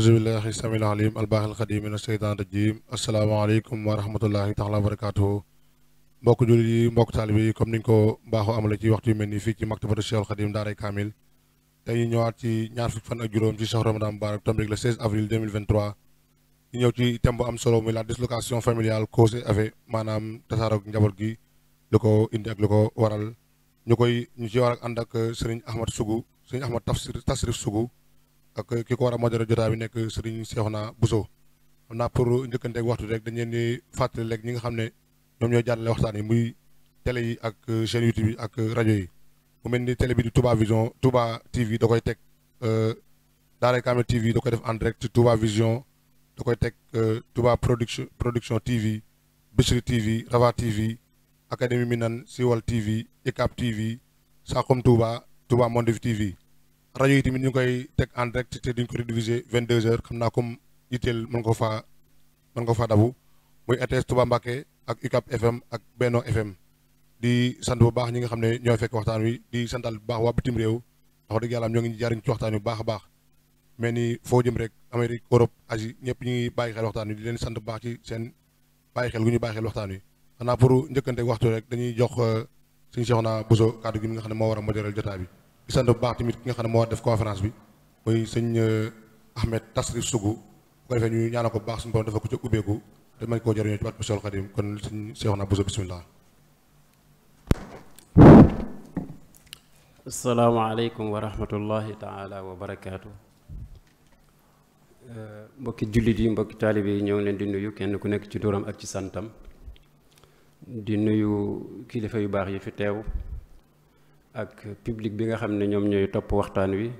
aousubillahi samil alim albaaxil xadim min asheytan rajim asalaamaaleykum wa rahmatullahi taala wa barakatuhu mbokk jullit yi mbokk taalibe yi comme niñ ko baaxoo amale ci waxtu yu mel nii fii ci maktabatu Cheikhoul Khadim daaray kaamil tey ñu ñëwaat ci ñaar fukki fan ak juróom ci shahru ramadan mubarak tombeek le 16 avril 2023 ñu ñëw ci thème bu am solo muy la dislocation familiale cause et maanaam tasaaroog njaboot gi lu ko indi ak lu ko waral ñu koy ñu ci war ak ànd ak sëriñ ahmad sugu sëriñ ahmad tafsir tasrif sugu ak ki ko war a modéré jotaay bi nekk Serigne Cheikhouna Bousso xam naa pour njëkkanteeg waxtu rek dañ leen di fàttali rek ñi nga xam ne ñoom ñoo jàllale waxtaan yi muy télé yi ak chaîne YouTube yi ak rajo yi mu mel ni télé bi di Touba Vision Touba TV da koy teg euh, Daaray Kamil TV da koy def en direct Touba Vision da koy teg euh, Touba production production TV Bichri TV Rava mi Académie Minan Siwal TV Icap TV Saxum Touba Touba Monde TV rajo yi tamit ñu ngi koy teg en direct te duñ ko rediffuser vingt deux heures xam naa comme itteel mën ko faa mën ko faa dabu muy RTS Touba Mbacké ak UCAP FM ak Benno FM di sant bu baax ñi nga xam ne ñoo fekk waxtaan wi di santal bu baax waa bitim réew wax dëgg yàlla ñoo ngi jariñ ci waxtaan wi bu baax a baax mais ni foo jëm rek Amérique Europe Asie ñëpp ñu ngi bàyyi xel waxtaan wi di leen sant bu baax ci seen bàyyi xel gu ñu bàyyi xel waxtaan wi xanaa pour njëkkante waxtu rek dañuy jox euh, suñu Cheikhouna Bousso kàddu gi mi nga xam ne moo war a bi di sant bu baax tamit ki nga xam ne moo def conférence bi muy sëñ euh, Ahmed Tasrif Sougou bu ko defee ñu ñaanal ko bu baax suñu borom dafa ko ca ubbeeku te mañ koo jëriñoo ci baat Seexul Xadim kon sëñ Seexuna Buso bismillah asalaamaaleykum wa euh, mbokki jullit yi mbokki taalibe yi ñoo leen di nuyu kenn ku nekk ci turam ak ci santam di nuyu kilifa yu baax yi fi teew ak public bi nga xam ne ñoom ñooy topp waxtaan wi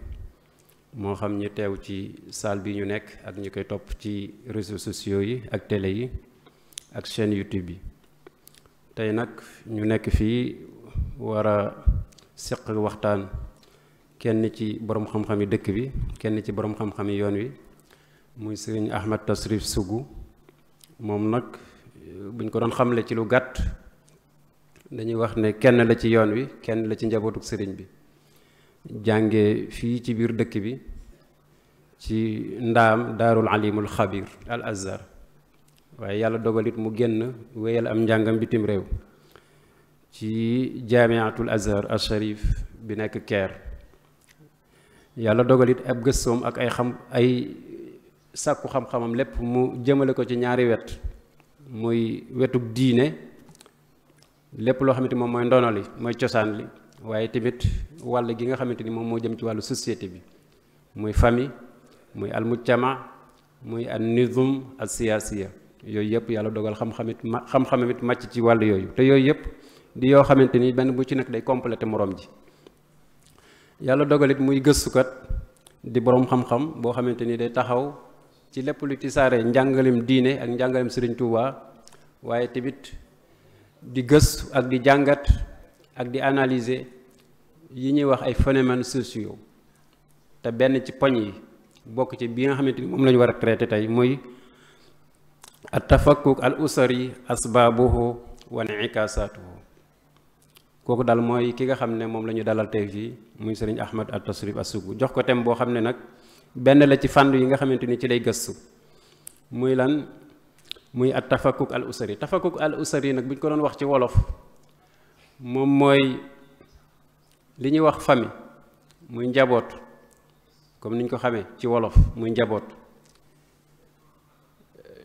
moo xam ñi teew ci salle bi ñu nekk ak ñi koy topp ci réseaux sociaux yi ak télé yi ak chaîne YouTube yi tey nag ñu nekk fii war a seq waxtaan kenn ci boroom xam-xam yi dëkk bi kenn ci boroom xam-xam yi yoon wi muy sëriñ Ahmad Tasrif Sougou moom nag eh, buñ ko doon xamle ci lu gàtt dañuy wax ne kenn la ci yoon wi kenn la ci njabootuk sëriñ bi jànge fii ci biir dëkk bi ci ndaam daarul alimul xabir al azhar waaye yàlla dogalit mu génn wéyal am njàngam bitim réew ci jaamiatul azhar al sharif bi nekk keer yàlla dogalit ab gëstoom ak ay xam ay sàkku xam-xamam lépp mu jëmale ko ci ñaari wet muy wetuk diine lépp loo xamante moom mooy ndono li mooy cosaan li waaye tamit wàll gi nga xamante ni moom moo jëm ci wàllu société bi muy famille muy cama muy an nizum yooyu yëpp yàlla dogal xam-xamit ma xam màcc ci wàll yooyu te yooyu yëpp di yoo xamante ni benn bu ci nekk day complété moroom ji yàlla dogalit muy gëstukat di boroom xam-xam boo xamante ni day taxaw ci lépp lu ci saare njàngalem diine ak njàngalem Sëriñ Tuubaa waaye tamit di gës ak di jàngat ak di analise yi ñuy wax ay phénomènes sociaux te benn ci poñ yi bokk ci bi nga xamante ni moom lañu ñu war a traité tey muy at tafakkuk al usari asbaabuhu wa inikaasatuhu kooku daal mooy ki nga xam ne moom la ñu dalal tey fii muy seriñ Ahmad at tasrif asugu jox ko tem boo xam ne nag benn la ci fànn yi nga xamante ni ci lay gëstu muy lan muy at tafakkuk al usari tafakkuk al usari nag bu ñu ko doon wax ci wolof moom mooy li ñuy wax famille muy njaboot comme ni ñu ko xamee ci wolof muy njaboot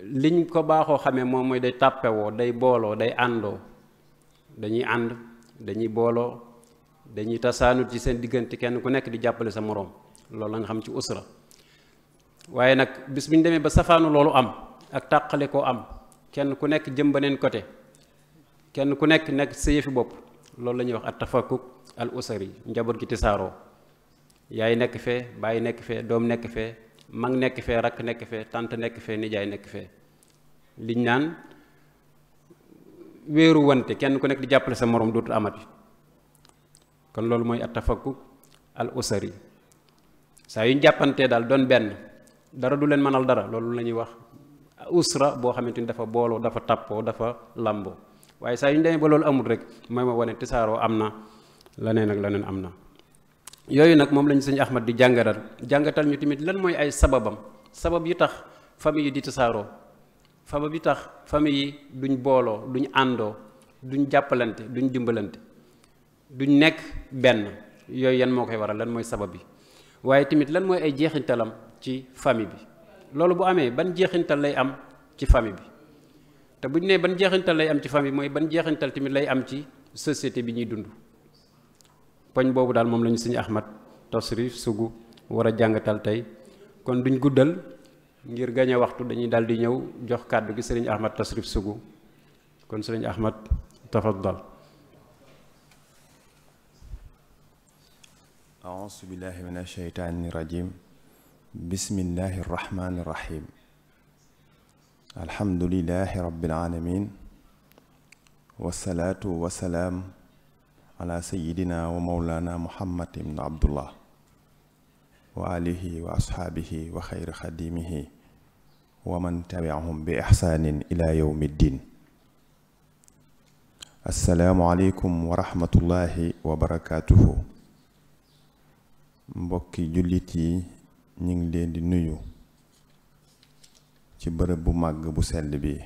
liñ ko baaxoo xamee moom mooy day tàppewoo day booloo day àndoo dañuy ànd dañuy booloo dañuy tasaanut ci seen diggante kenn ku nekk di jàppale sa moroom loolu la nga xam ci usra waaye nag bis bu ñu demee ba safaanu loolu am ak tàqale koo am kenn ku nekk jëm beneen côté kenn ku nekk nekk sa yëfi bopp loolu la ñuy wax at tafakkuk al usari njaboot gi tisaaroo yaay nekk fee bàyyi nekk fee doom nekk fee mag nekk fee rakk nekk fee tant nekk fee nijaay nekk fee liñ naan wéeru wante kenn ku nekk di jàppale sa morom dootul amati kon loolu mooy at tafakkuk al usari saa yu ñu daal doon benn dara du leen mënal dara loolu lañuy wax usra boo xamante ni dafa booloo dafa tappoo dafa lamboo waaye saa yu ñu ba loolu amul rek mooy ma wane tasaaroo am na leneen ak leneen am na yooyu nag moom lañu sëñ Ahmad di jàngatal jàngatal ñu tamit lan mooy ay sababam sabab yi tax famille yi di tasaaroo sabab yi tax famille yi duñ booloo duñ àndoo duñ jàppalante duñ dimbalante duñ nekk benn yooyu yan moo koy waral lan mooy sabab bi waaye tamit lan mooy ay jeexintalam ci famille bi loolu bu amee ban jeexintal lay am ci famille bi te bu ñu nee ban jeexintal lay am ci famille mooy ban jeexintal tamit lay am ci société bi ñuy dund poñ boobu daal moom la ñu suñu Ahmad Tasrif Sougou war a jàngatal tey kon duñ guddal ngir gañe waxtu dañuy daal di ñëw jox kàddu gi sëriñ Ahmad Tasrif Sougou kon sëriñ Ahmad tafaddal a'uuzu billahi mina shaytaani rajiim bismillahi irrahmani irrahim alhamdulilahi rabilalamin wasalaatu wasalaam muhammad ibn abdullah wa alihi wa asxaabihi wa xayri ila yowmi ddin assalaamu aleykum wa rahmatullahi ñu ngi leen di nuyu ci bërëb bu màgg bu sell bi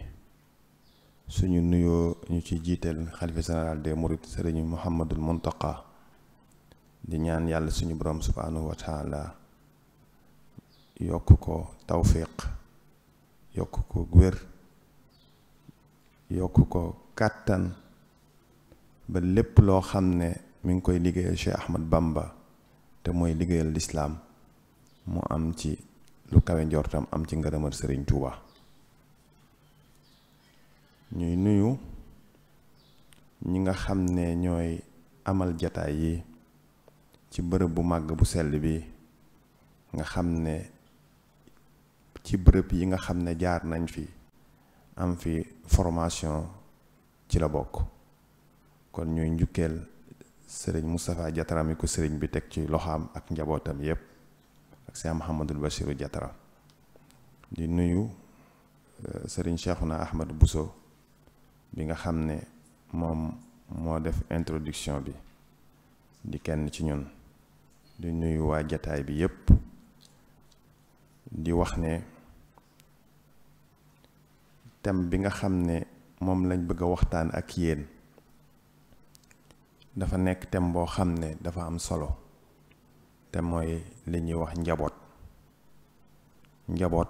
suñu nuyoo ñu ci jiital xalifa général des mourides sëriñ Mouhamadul Mountakha di ñaan yàlla suñu borom subhaanahu wa yokk ko tawfiq yokk ko wér yokk ko kàttan ba lépp loo xam ne mu ngi koy liggéeyal Cheikh Ahmad Bamba te mooy liggéeyal lislaam mu am ci lu kawe njortam am ci ngërëmal sëriñ Touba ñuy nuyu ñi nga xam ne ñooy amal jataay yi ci bërëb bu màgg bu sell bi nga xam ne ci bërëb yi nga xam ne jaar nañ fi am fi formation ci la bokk kon ñuy njukkeel sëriñ Moustapha Diatara mi ko sëriñ bi teg ci loxaam ak njabootam yépp ak Cheikh Mouhamadul Bachiru Jatara di nuyu euh, Serigne Cheikhouna Ahmad Bousso bi nga xam ne moom moo def introduction bi di kenn ci ñun di nuyu waa jataay bi yépp di wax ne thème bi nga xam ne moom lañ bëgg a waxtaan ak yéen dafa nekk thème boo xam ne dafa am solo te mooy li ñuy wax njaboot njaboot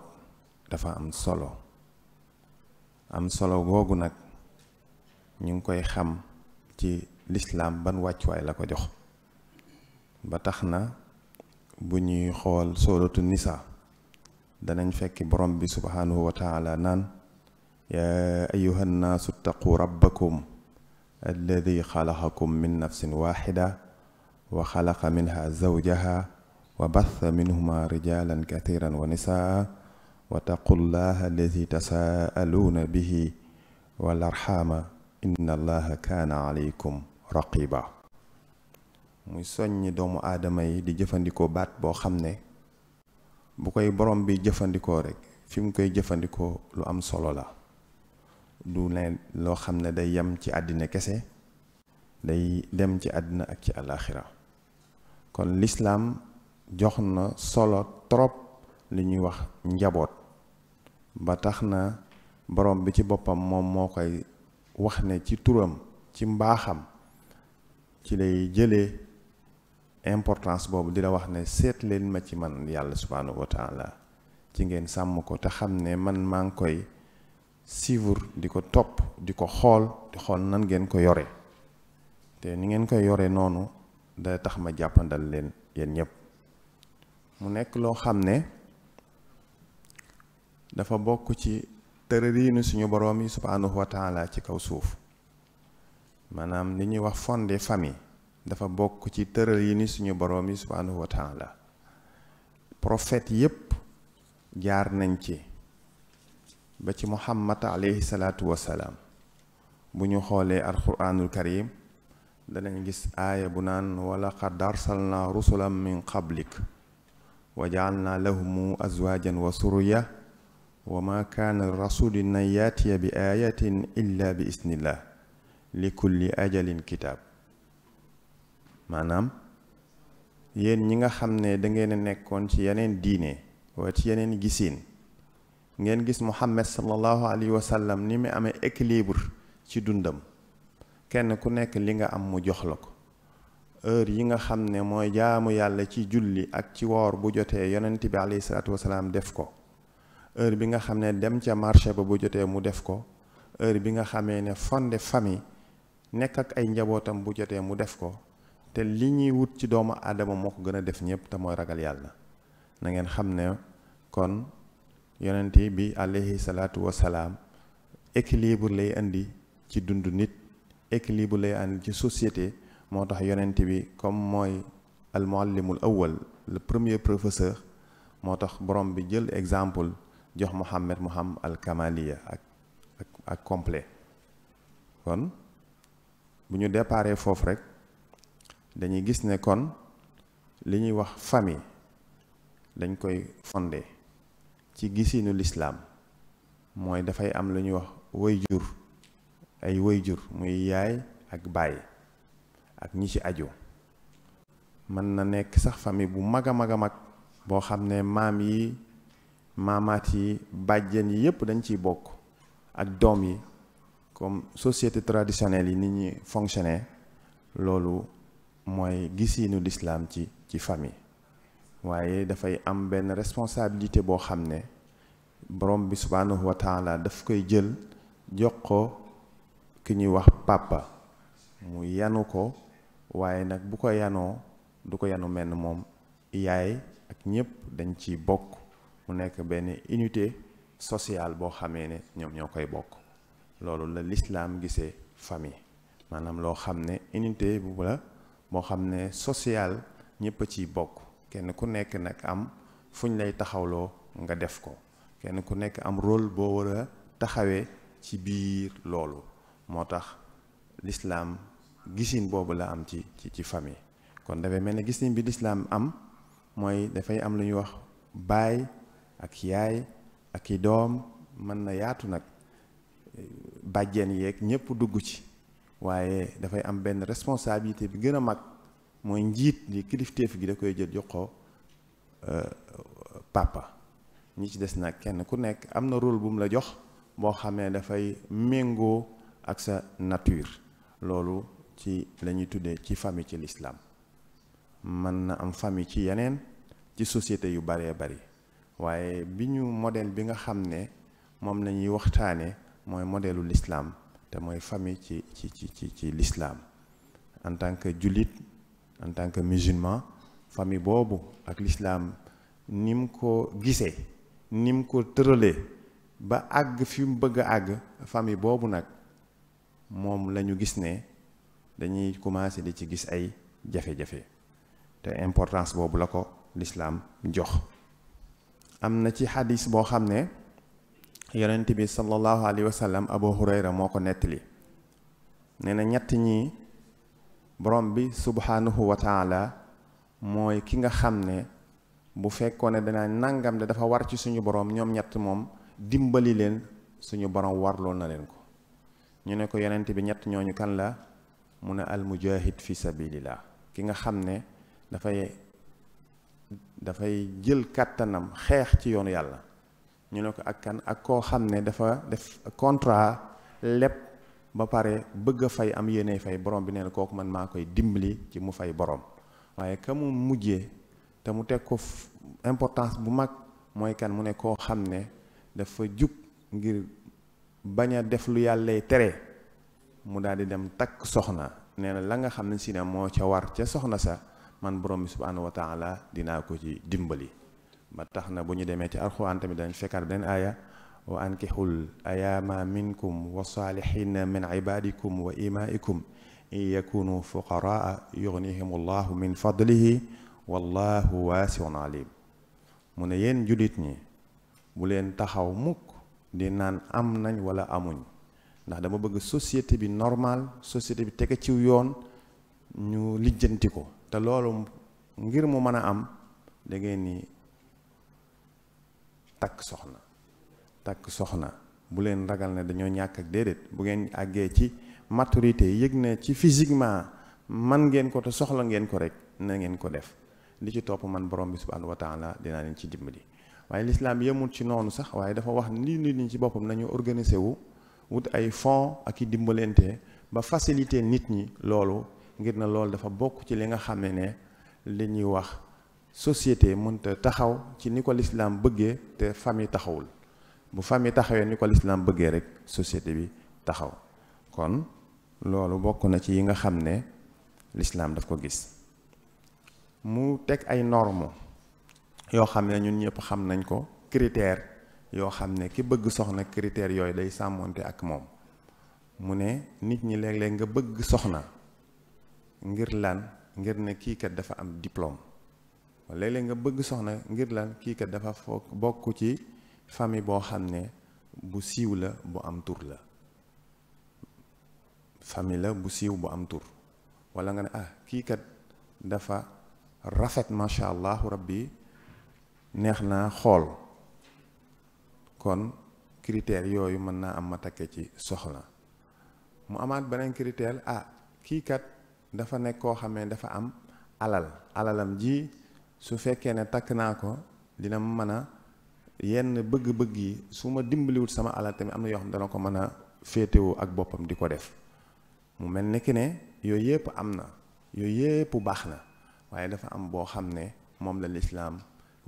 dafa am solo am solo googu nag ñu ngi koy xam ci lislaam ban wàccuwaay la ko jox ba tax na bu ñuy xool solotu nisa danañ fekki borom bi subhaanahu wa taala naan yaa ayuha nnaasu ttaqu rabbakum alladi xalaqakum min nafsin waaxida wa xalaqa minha zawjaha wa batha minhuma rijalan kathiran wa nisaa wa taqullaha alladi tasaaluuna bihi wal arxaama inna allaha kaana aleykum raqiba muy soññi doomu aadama yi di jëfandikoo baat boo xam ne bu koy borom bi jëfandikoo rek fi mu koy jëfandikoo lu am solo la du ne loo xam ne day yem ci àddina kese day dem ci àddina ak ci àllaaxira kon lislaam jox na solo trop li ñuy wax njaboot ba tax na borom bi ci boppam moom moo koy wax ne ci turam ci mbaaxam ci lay jëlee importance boobu di la wax ne seet leen ma ci man yàlla subhaanahu wa ci ngeen sàmm ko te xam ne man maa ngi koy suivre di ko topp di ko xool di xool nan ngeen ko yore te ni ngeen koy yore noonu da tax ma jàppandal leen yéen ñëpp mu nekk loo xam ne dafa bokk ci tërëriinu suñu boroom yi subhaanahu wa taala ci kaw suuf maanaam li ñuy wax fondé famille dafa bokk ci tërëriinu suñu boroom yi subhaanahu wa taala prophète yépp jaar nañ ci ba ci muhammad aleyhi salaatu wassalaam bu ñu xoolee alxuraanul karim danañ gis aaya bu naan wala qad arsalna rusulan min qablik wa jaalna lahumu azwaajan wa suruya wa ma kaana rasulin an yaatiya bi aayatin illa bi isnillah li kulli ajalin kitaab maanaam yéen ñi nga xam ne da nekkoon ci yeneen diine waa ci yeneen gisiin ngeen gis muhammad sallallahu alayhi wa sallam ni mu amee équilibre ci dundam kenn ku nekk li nga am mu jox la ko heure yi nga xam ne mooy jaamu yàlla ci julli ak ci woor bu jotee yonent bi alayhi salaatu wasalaam def ko heure bi nga xam ne dem ca marché ba jotee mu def ko heure bi nga xamee ne fonde famille nekk ak ay njabootam bu jotee mu def ko te li ñuy wut ci doomu aadama moo ko gën a def ñëpp te mooy ragal yàlla na ngeen xam ne kon yonent bi alayhi salaatu wasalaam équilibre lay indi ci dundu nit équilibre lay ànd ci société moo tax yonent bi comme mooy al muallimul awal le premier professeur moo tax borom bi jël exemple jox Muhammad mu xam al kamaliya ak ak ak complet kon bu ñu déparee foofu rek dañuy gis ne kon li ñuy wax famille dañ koy fondé ci gisinu lislaam mooy dafay am lu ñuy wax way ay wayjur muy yaay ak baay ak ñi ci ajo mën na nekk sax famille bu mag a mag a mag boo xam ne maam yi maamaat yi bàjjen yi yépp dañ ci bokk ak doom yi comme société traditionnelle yi ni ñu fonctionner loolu mooy gisiinu lislaam ci ci famille waaye dafay am benn responsabilité boo xam ne borom bi subhaanahu wa daf koy jël jox ki ñuy wax papa mu yanu ko waaye nag bu ko yanoo du ko yanu menn moom yaay ak ñëpp dañ ci bokk mu nekk benn unité sociale boo xamee ne ñoom ñoo koy bokk loolu la lislaam gisee famille maanaam loo xam ne unité bu la moo xam ne sociale ñëpp a ciy bokk kenn ku nekk nag am fuñ lay taxawloo nga def ko kenn ku nekk am rôle boo war taxawee ci biir loolu moo tax lislaam gisin boobu la am ci ci ci kon dafay mel ne gisin bi lislaam am mooy dafay am lu ñuy wax baay ak yaay ak i doom mën na yaatu nag bàjjeen yeeg ñëpp dugg ci waaye dafay am benn responsabilité bi gën a mag mooy njiit li kilifteef gi da koy jël jox ko euh, papa ñi ci des nag kenn ku nekk am na rôle bu mu la jox boo xam ne dafay méngoo ak sa nature loolu ci la ñuy tuddee ci famille ci lislaam mën na am famille ci yeneen ci société yu baree bari waaye bi ñu modèle bi nga xam ne moom la ñuy waxtaane mooy modèlu lislaam te mooy famille ci ci ci ci ci lislaam en tant que jullit en tant que musulman famille boobu ak lislaam nim ko gisee nim ko tëralee ba àgg fi mu bëgg a àgg famille boobu nag moom la ñu gis ne dañuy commencé di ci gis ay jafe-jafe te importance boobu la ko lislaam jox am na ci xadis boo xam ne yonent bi sallallahu alayhi wa sallam abu hurayra moo ko nettali nee na ñett ñi borom bi subhaanahu wa mooy ki nga xam ne bu fekkoon ne danaa nangam de dafa war ci suñu borom ñoom ñett moom dimbali leen suñu borom warloo na leen ko ñu ne ko yenent bi ñett ñooñu kan la mu ne al mujahid fi sabilillah ki nga xam ne dafay dafay jël kàttanam xeex ci yoonu yàlla ñu ne ko ak kan ak koo xam ne dafa def contrat lépp ba pare bëgg a fay am yéene fay borom bi nee na kooku man maa koy dimbali ci mu fay borom waaye ka mu mujjee te mu teg ko importance bu mag mooy kan mu ne koo xam ne dafa jug ngir bañ a def lu yàllay tere mu daal di dem takk soxna nee na la nga xam ne si ne moo ca war ca soxna sa man borom bi subhaanahu wa dinaa ko ci dimbali ba tax na bu ñu demee ci alxuraan tamit dañ fekkaat benn aaya wa ankixul ayaama minkum wa saalihina min ibadikum wa imaikum in yakunu fuqaraa yugnihim allahu min fadlihi wallahu waasiun alim mu ne yéen jullit ñi bu leen taxaw mukk di naan am nañ wala amuñ ndax dama bëgg société bi normal société bi tege ciw yoon ñu lijjanti ko te loolu ngir mu mën a am da ngeen ni takk soxna takk soxna bu leen ragal ne dañoo ñàkk ak déedéet bu ngeen àggee ci maturité yëg na ci physiquement man ngeen ko te soxla ngeen ko rek na ngeen ko def li ci topp man borom bi subhanahu wa taala dinaa leen ci dimbali waaye l'islam yemul ci noonu sax waaye dafa wax ni nit ñi ci boppam nañu organiser wu wut ay fonds ak i dimbalante ba faciliter nit ñi loolu ngir na loolu dafa bokk ci li nga xam ne ne li ñuy wax société mënta taxaw ci ni ko l'islam bëggee te famille taxawul bu famille taxawee ni ko l'islam bëggee rek société bi taxaw kon loolu bokk na ci yi nga xam ne l'islam daf ko gis mu teg ay normes yoo xam ne ñun ñëpp xam nañ ko critère yoo xam ne ki bëgg soxna critères yooyu day sàmmonte ak moom mu ne nit ñi léeg-léeg nga bëgg soxna ngir lan ngir ne kii kat dafa am diplôme léeg nga bëgg soxna ngir lan kii dafa foog bokk ci famille boo xam ne bu siiw la bu am tur la famille la bu siiw bu am tur wala nga ne ah kii kat dafa rafet macha allah rabbi neex naa xool kon critère yooyu mën naa am ma takke ci soxla mu amaat beneen critère ah kii kat dafa nekk koo xamee dafa am alal alalam ji su fekkee ne takk naa ko dina mën a yenn bëgg-bëgg yi su ma dimbaliwut sama alal tamit am na yoo xam dana ko mën a féetewoo ak boppam di ko def mu mel ni ki ne yooyu yëpp am na yooyu yëpp baax na waaye dafa am boo xam ne moom la lislaam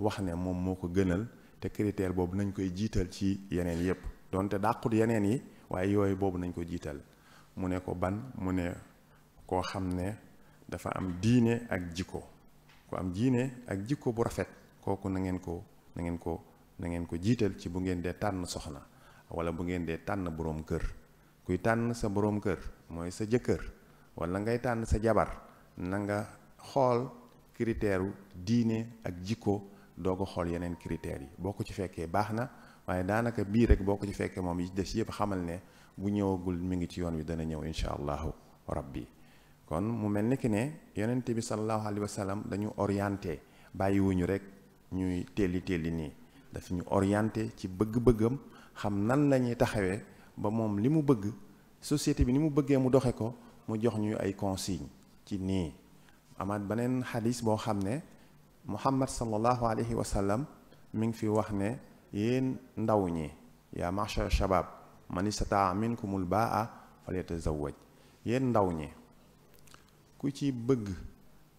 wax ne moom moo ko gënal te critère boobu nañ koy jiital ci yeneen yépp donte dàqut yeneen yi waaye yooyu boobu nañ ko jiital mu ne ko ban mu ne koo xam ne dafa am diine ak jikko ku am diine ak jikko bu rafet kooku na ngeen ko na ngeen ko na ngeen ko jiital ci bu ngeen dee tànn soxna wala bu ngeen dee tànn boroom kër kuy tànn sa boroom kër mooy sa jëkkër wala ngay tànn sa jabar nanga xool critère diine ak jikko doo ko xool yeneen critères yi boo ko ci fekkee baax na waaye daanaka bii rek boo ko ci fekkee moom yi ci des yëpp xamal ne bu ñëwagul mi ngi ci yoon wi dana ñëw incha allahu bi kon mu mel ni ki ne yonent bi sallallahu alayhi wa dañu orienté bàyyiwuñu rek ñuy telli telli nii daf ñu orienté ci bëgg-bëggam xam nan la ñuy taxawee ba moom li mu bëgg société bi ni mu bëggee mu doxe ko mu jox ñu ay consigne ci nii amaat beneen xadis boo xam ne muhammad sallallahu alayhi wa sallam mi ngi fi wax ne yéen ndaw ñi yaa machar shabab man istataa minkumul baa falyatazawaj yéen ndaw ñi ku ci bëgg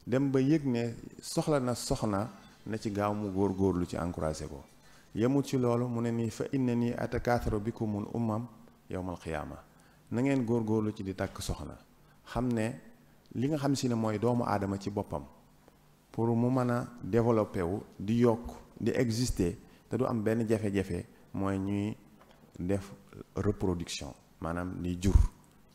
dem ba yëg ne soxla na soxna na ci gaaw mu góor góorlu ci encouragé ko yemul ci loolu mu ne nii fa inna nii atakaatharo bikumul umam yowmal qiyaama na ngeen góorgóorlu ci di takk soxna xam ne li nga xam si ne mooy doomu aadama ci boppam pour mu mën a développer wu di yokk di exister te du am benn jafe-jafe mooy ñuy def reproduction maanaam di jur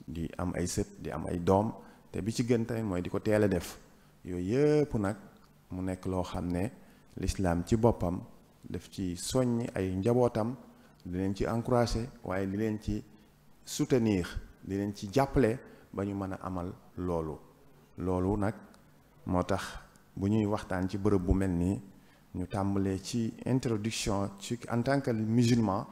di am ay sët di am ay doom te bi ci gën tamit mooy di ko teel a def yooyu yëpp nag mu nekk loo xam ne lislaam ci boppam def ci soññ ay njabootam di leen ci encourager waaye di leen ci soutenir di leen ci jàppale ba ñu mën a amal loolu loolu nag moo tax bu ñuy waxtaan ci bërëb bu mel nii ñu tàmbalee ci introduction ci en tant que musulman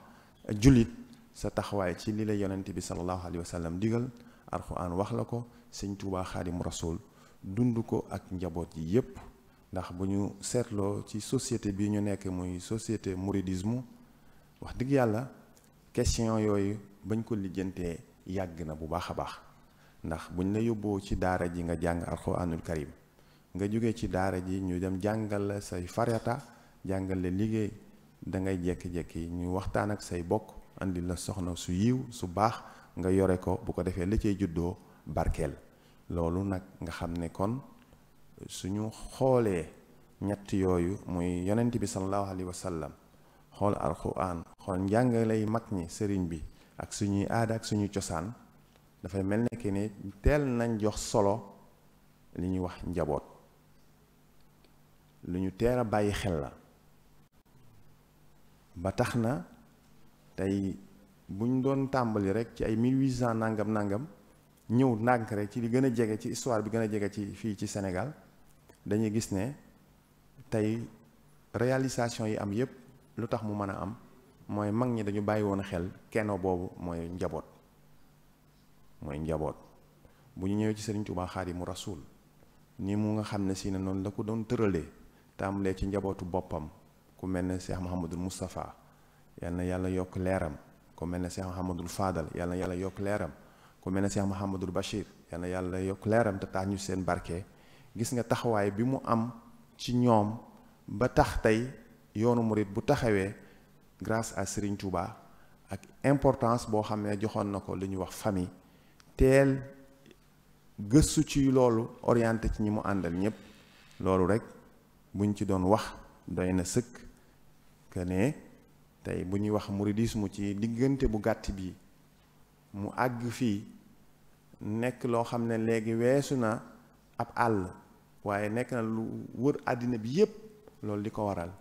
jullit sa taxawaay ci li la yonent bi sallallahu alayhi wa sallam digal alxuraan wax la ko sëñ Tuubaa xaadim rasul dund ko ak njaboot yi yépp ndax bu ñu seetloo ci société bi ñu nekk muy société mouridisme wax dëgg yàlla question yooyu bañ ko lijjantee yàgg na bu baax a baax ndax buñ la yóbboo ci daara ji nga jàng alxuraanul karim nga jóge ci daara ji ñu dem jàngal la say farata jàngale liggéey dangay ngay jekki-jekki ñu waxtaan ak say bokk andi la soxna su yiw su baax nga yore ko bu ko defee la juddoo barkeel loolu nag nga xam ne kon suñu xoolee ñett yooyu muy yonent bi sallallahu alayhi wa sallam xool alquran xool njàngalay mag ñi sëriñ bi ak suñuy aada ak suñuy cosaan dafay mel ne que ni teel nañ jox solo li ñuy wax njaboot lu ñu teel a bàyyi xel la ba tax na tey buñ doon tàmbali rek ci ay mil 1800 nangam nangam ñëw ndànk rek ci li gën a jege ci histoire bi gën a jege ci fii ci senegal dañuy gis ne tey réalisation yi am yépp lu tax mu mën a am mooy mag ñi dañu bàyyi woon xel keno boobu mooy njaboot mooy njaboot bu ñu ñëwee ci seen Serigne Touba Xaadimu Rasuul ni mu nga xam ne si ne noonu la ko doon tëralee. tàmbalee ci njabootu boppam ku mel ne Cheikh Mouhamadul Moustapha yal na yàlla yokk leeram ku mel ne Cheikh Mouhamadul Fadal yal yàlla yokk leeram ku mel ne Cheikh Mouhamadul Bachir yal yàlla yokk leeram te tax ñu seen barke gis nga taxawaay bi mu am ci ñoom ba tax tey yoonu murit bu taxawee grace à Serigne Touba ak importance boo xam ne joxoon na ko li ñuy wax famille teel gëstu ci loolu orienté ci ñi mu àndal ñépp loolu rek buñ ci doon wax doy na sëkk que ne tey bu ñuy wax mouridisme ci diggante bu gàtt bi mu àgg fii nekk loo xam ne léegi weesu na ab àll waaye nekk na lu wër àddina bi yépp loolu di ko waral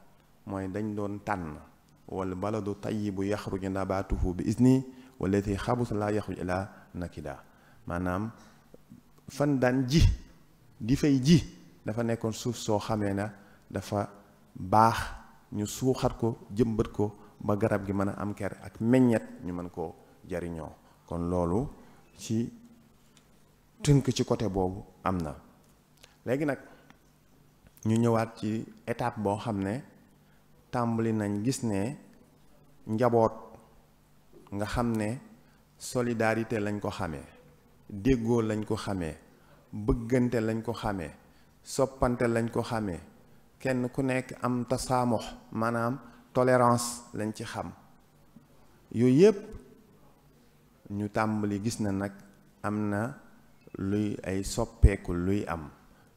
mooy dañ doon tànn wal bu tayyibu jëndaabaatu nabaatuhu bi is isni wallati xabus laa yaxruju ilaa nakida maanaam fan daan ji di fay ji dafa nekkoon suuf soo xamee na dafa baax ñu suuxat ko jëmbat ko ba garab gi mën a am ker ak meññet ñu mën koo jariñoo kon loolu ci tënk ci côté boobu am na léegi nag ñu ñëwaat ci étape boo xam ne tàmbali nañ gis ne njaboot nga xam ne solidarité lañ ko xamee déggoo lañ ko xamee bëggante lañ ko xamee soppante lañ ko xamee kenn ku nekk am tasaamux maanaam tolérance lañ ci xam yooyu yépp ñu tàmbali gis na nag am na luy ay soppeekul luy am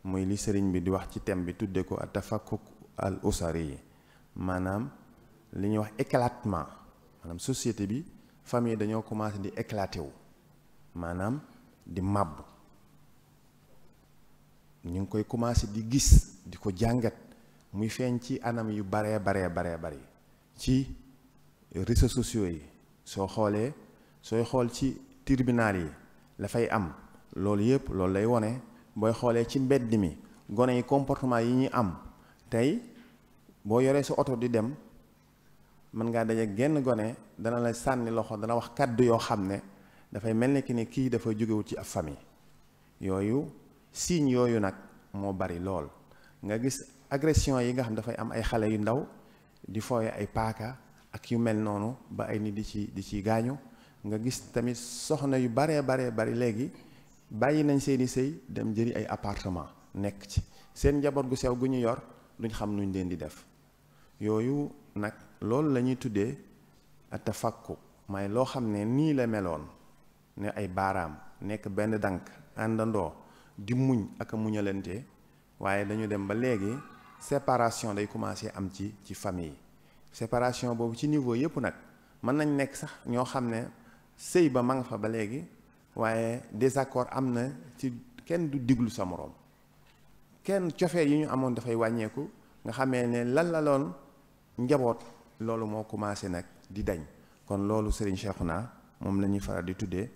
muy li sëriñ bi di wax ci thème bi tuddee ko tafakkuk al usari yi maanaam li ñuy wax éclatement société bi famille dañoo commencé di éclaté wu maanaam di màbb ñu ngi koy commencé di gis di ko jàngat muy feeñ ci anam yu baree baree baree bari ci réseaux sociaux yi soo xoolee sooy xool ci tribunal yi dafay am loolu yëpp loolu lay wone booy xoolee ci mbedd mi gone yi comportement yi ñuy am tey boo yoree sa oto di dem mën ngaa daje genn gone dana la sànni loxo dana wax kàddu yoo xam ne dafay mel ni ki ne kii dafa jógewul ci ab famille yooyu signes yooyu nag moo bari lool nga gis agression yi nga xam dafay am ay xale yu ndaw di fooye ay paaka ak yu mel noonu ba ay nit di ci di ci gaañu nga gis tamit soxna yu baree baree bari léegi bàyyi nañ seeni sëy dem jëri ay appartement nekk ci seen njaboot gu sew gu ñu yor duñ xam nuñ leen di def yooyu nag loolu lañuy tuddee tuddee atafakku may loo xam ne nii la meloon ne ay baaraam nekk benn dànk àndandoo di muñ ak a waaye dañu dem ba léegi séparation day commencer am ci ci famille séparation boobu ci niveau yëpp nag mën nañ nekk sax ñoo xam ne sëy ba ma nga fa ba léegi waaye désaccord am na ci kenn du diglu sa moroom kenn cofee yi ñu amoon dafay wàññeeku nga xamee ne lan laloon njaboot loolu moo commencé nag di dañ kon loolu Serigne naa moom la ñuy faral di tuddee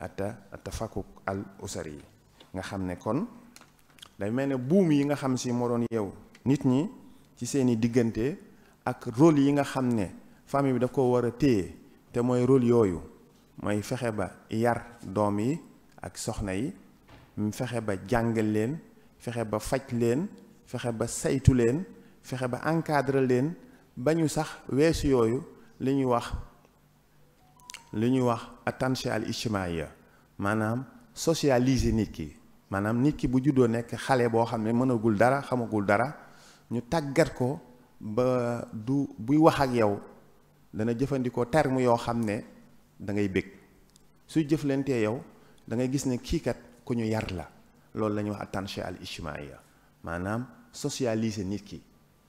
ata tafakuk al usari yi nga xam ne kon day mel ne buum yi nga xam si moo doon yow nit ñi ci seeni diggante ak role yi nga xam ne famille bi da ko war a téye te mooy rôle yooyu mooy fexe ba yar doom yi ak soxna yi fexe ba jàngal leen fexe ba faj leen fexe ba saytu leen fexe ba encadre leen ba ñu sax weesu yooyu li ñuy wax li ñuy wax attention al ya maanaam socialiser nit ki maanaam nit ki bu juddoo nekk xale boo xam ne mënagul dara xamagul dara ñu tàggat ko ba du buy wax ak yow dana jëfandikoo terme yoo xam ne da ngay bëgg suy jëflantee yow da ngay gis ne kii kat ku ñu yar la loolu la ñuy wax attention al ya maanaam socialiser nit ki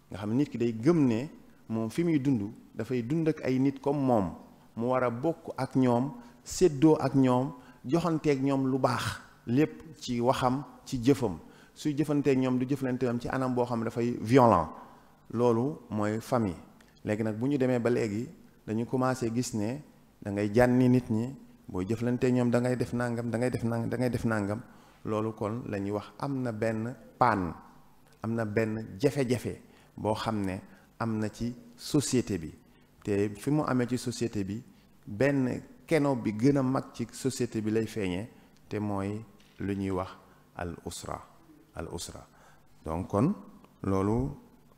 nga xam nit ki day gëm ne moom fi muy dund dafay dund ak ay nit comme moom mu war a bokk ak ñoom séddoo ak ñoom joxanteeg ñoom lu baax lépp ci waxam ci jëfam suy jëfantee ñoom du jëflante am ci anam boo xam ne dafay violent loolu mooy famille léegi nag bu ñu demee ba léegi dañu commencé gis ne da ngay jànni nit ñi boo jëflantee ñoom da ngay def nangam dangay def nangam da def nangam loolu kon la ñuy wax am na benn paan am na benn jafe-jafe boo xam ne am na ci société bi te fi mu amee ci société bi benn keno bi gën a mag ci société bi lay feeñee te mooy lu ñuy wax al usra al usra donc kon loolu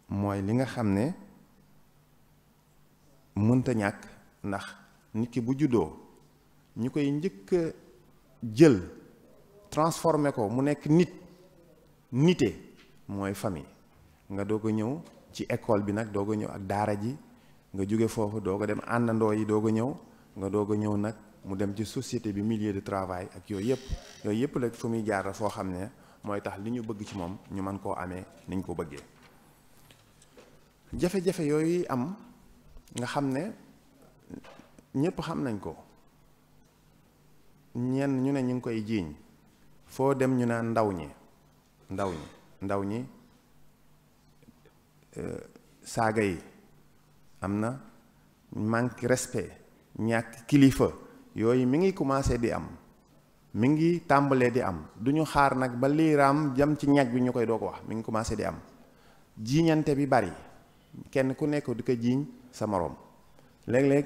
mooy li nga xam ne mënta ñàkk ndax nit ki bu juddoo ñi koy njëkk a jël transformé ko mu nekk nit nite mooy famille nga doog a ñëw ci école bi nag doog a ñëw ak daara ji nga jóge foofu doog ko dem àndandoo yi doog a ñëw nga doog a ñëw nag mu dem ci société bi milieu de travail ak yooyu yëpp yooyu yëpp la fu muy jaar foo xam ne mooy tax li ñu bëgg ci moom ñu mën koo amee niñ ko bëggee jafe-jafe yooyu am nga xam ne ñépp xam nañ ko ñenn ñu ne ñu ngi koy jiiñ foo dem ñu naan ndaw ñi ndaw ñi ndaw ñi euh, saaga yi am na manque respect ñàkk kilifa yooyu mi ngi commencé di am mi ngi tàmbalee di am du ñu xaar nag ba liiraam jam ci ñag bi ñu koy doo ko wax mi ngi commencé di am jiiñante bi bari kenn ku nekk di ko jiiñ sa moroom léeg-léeg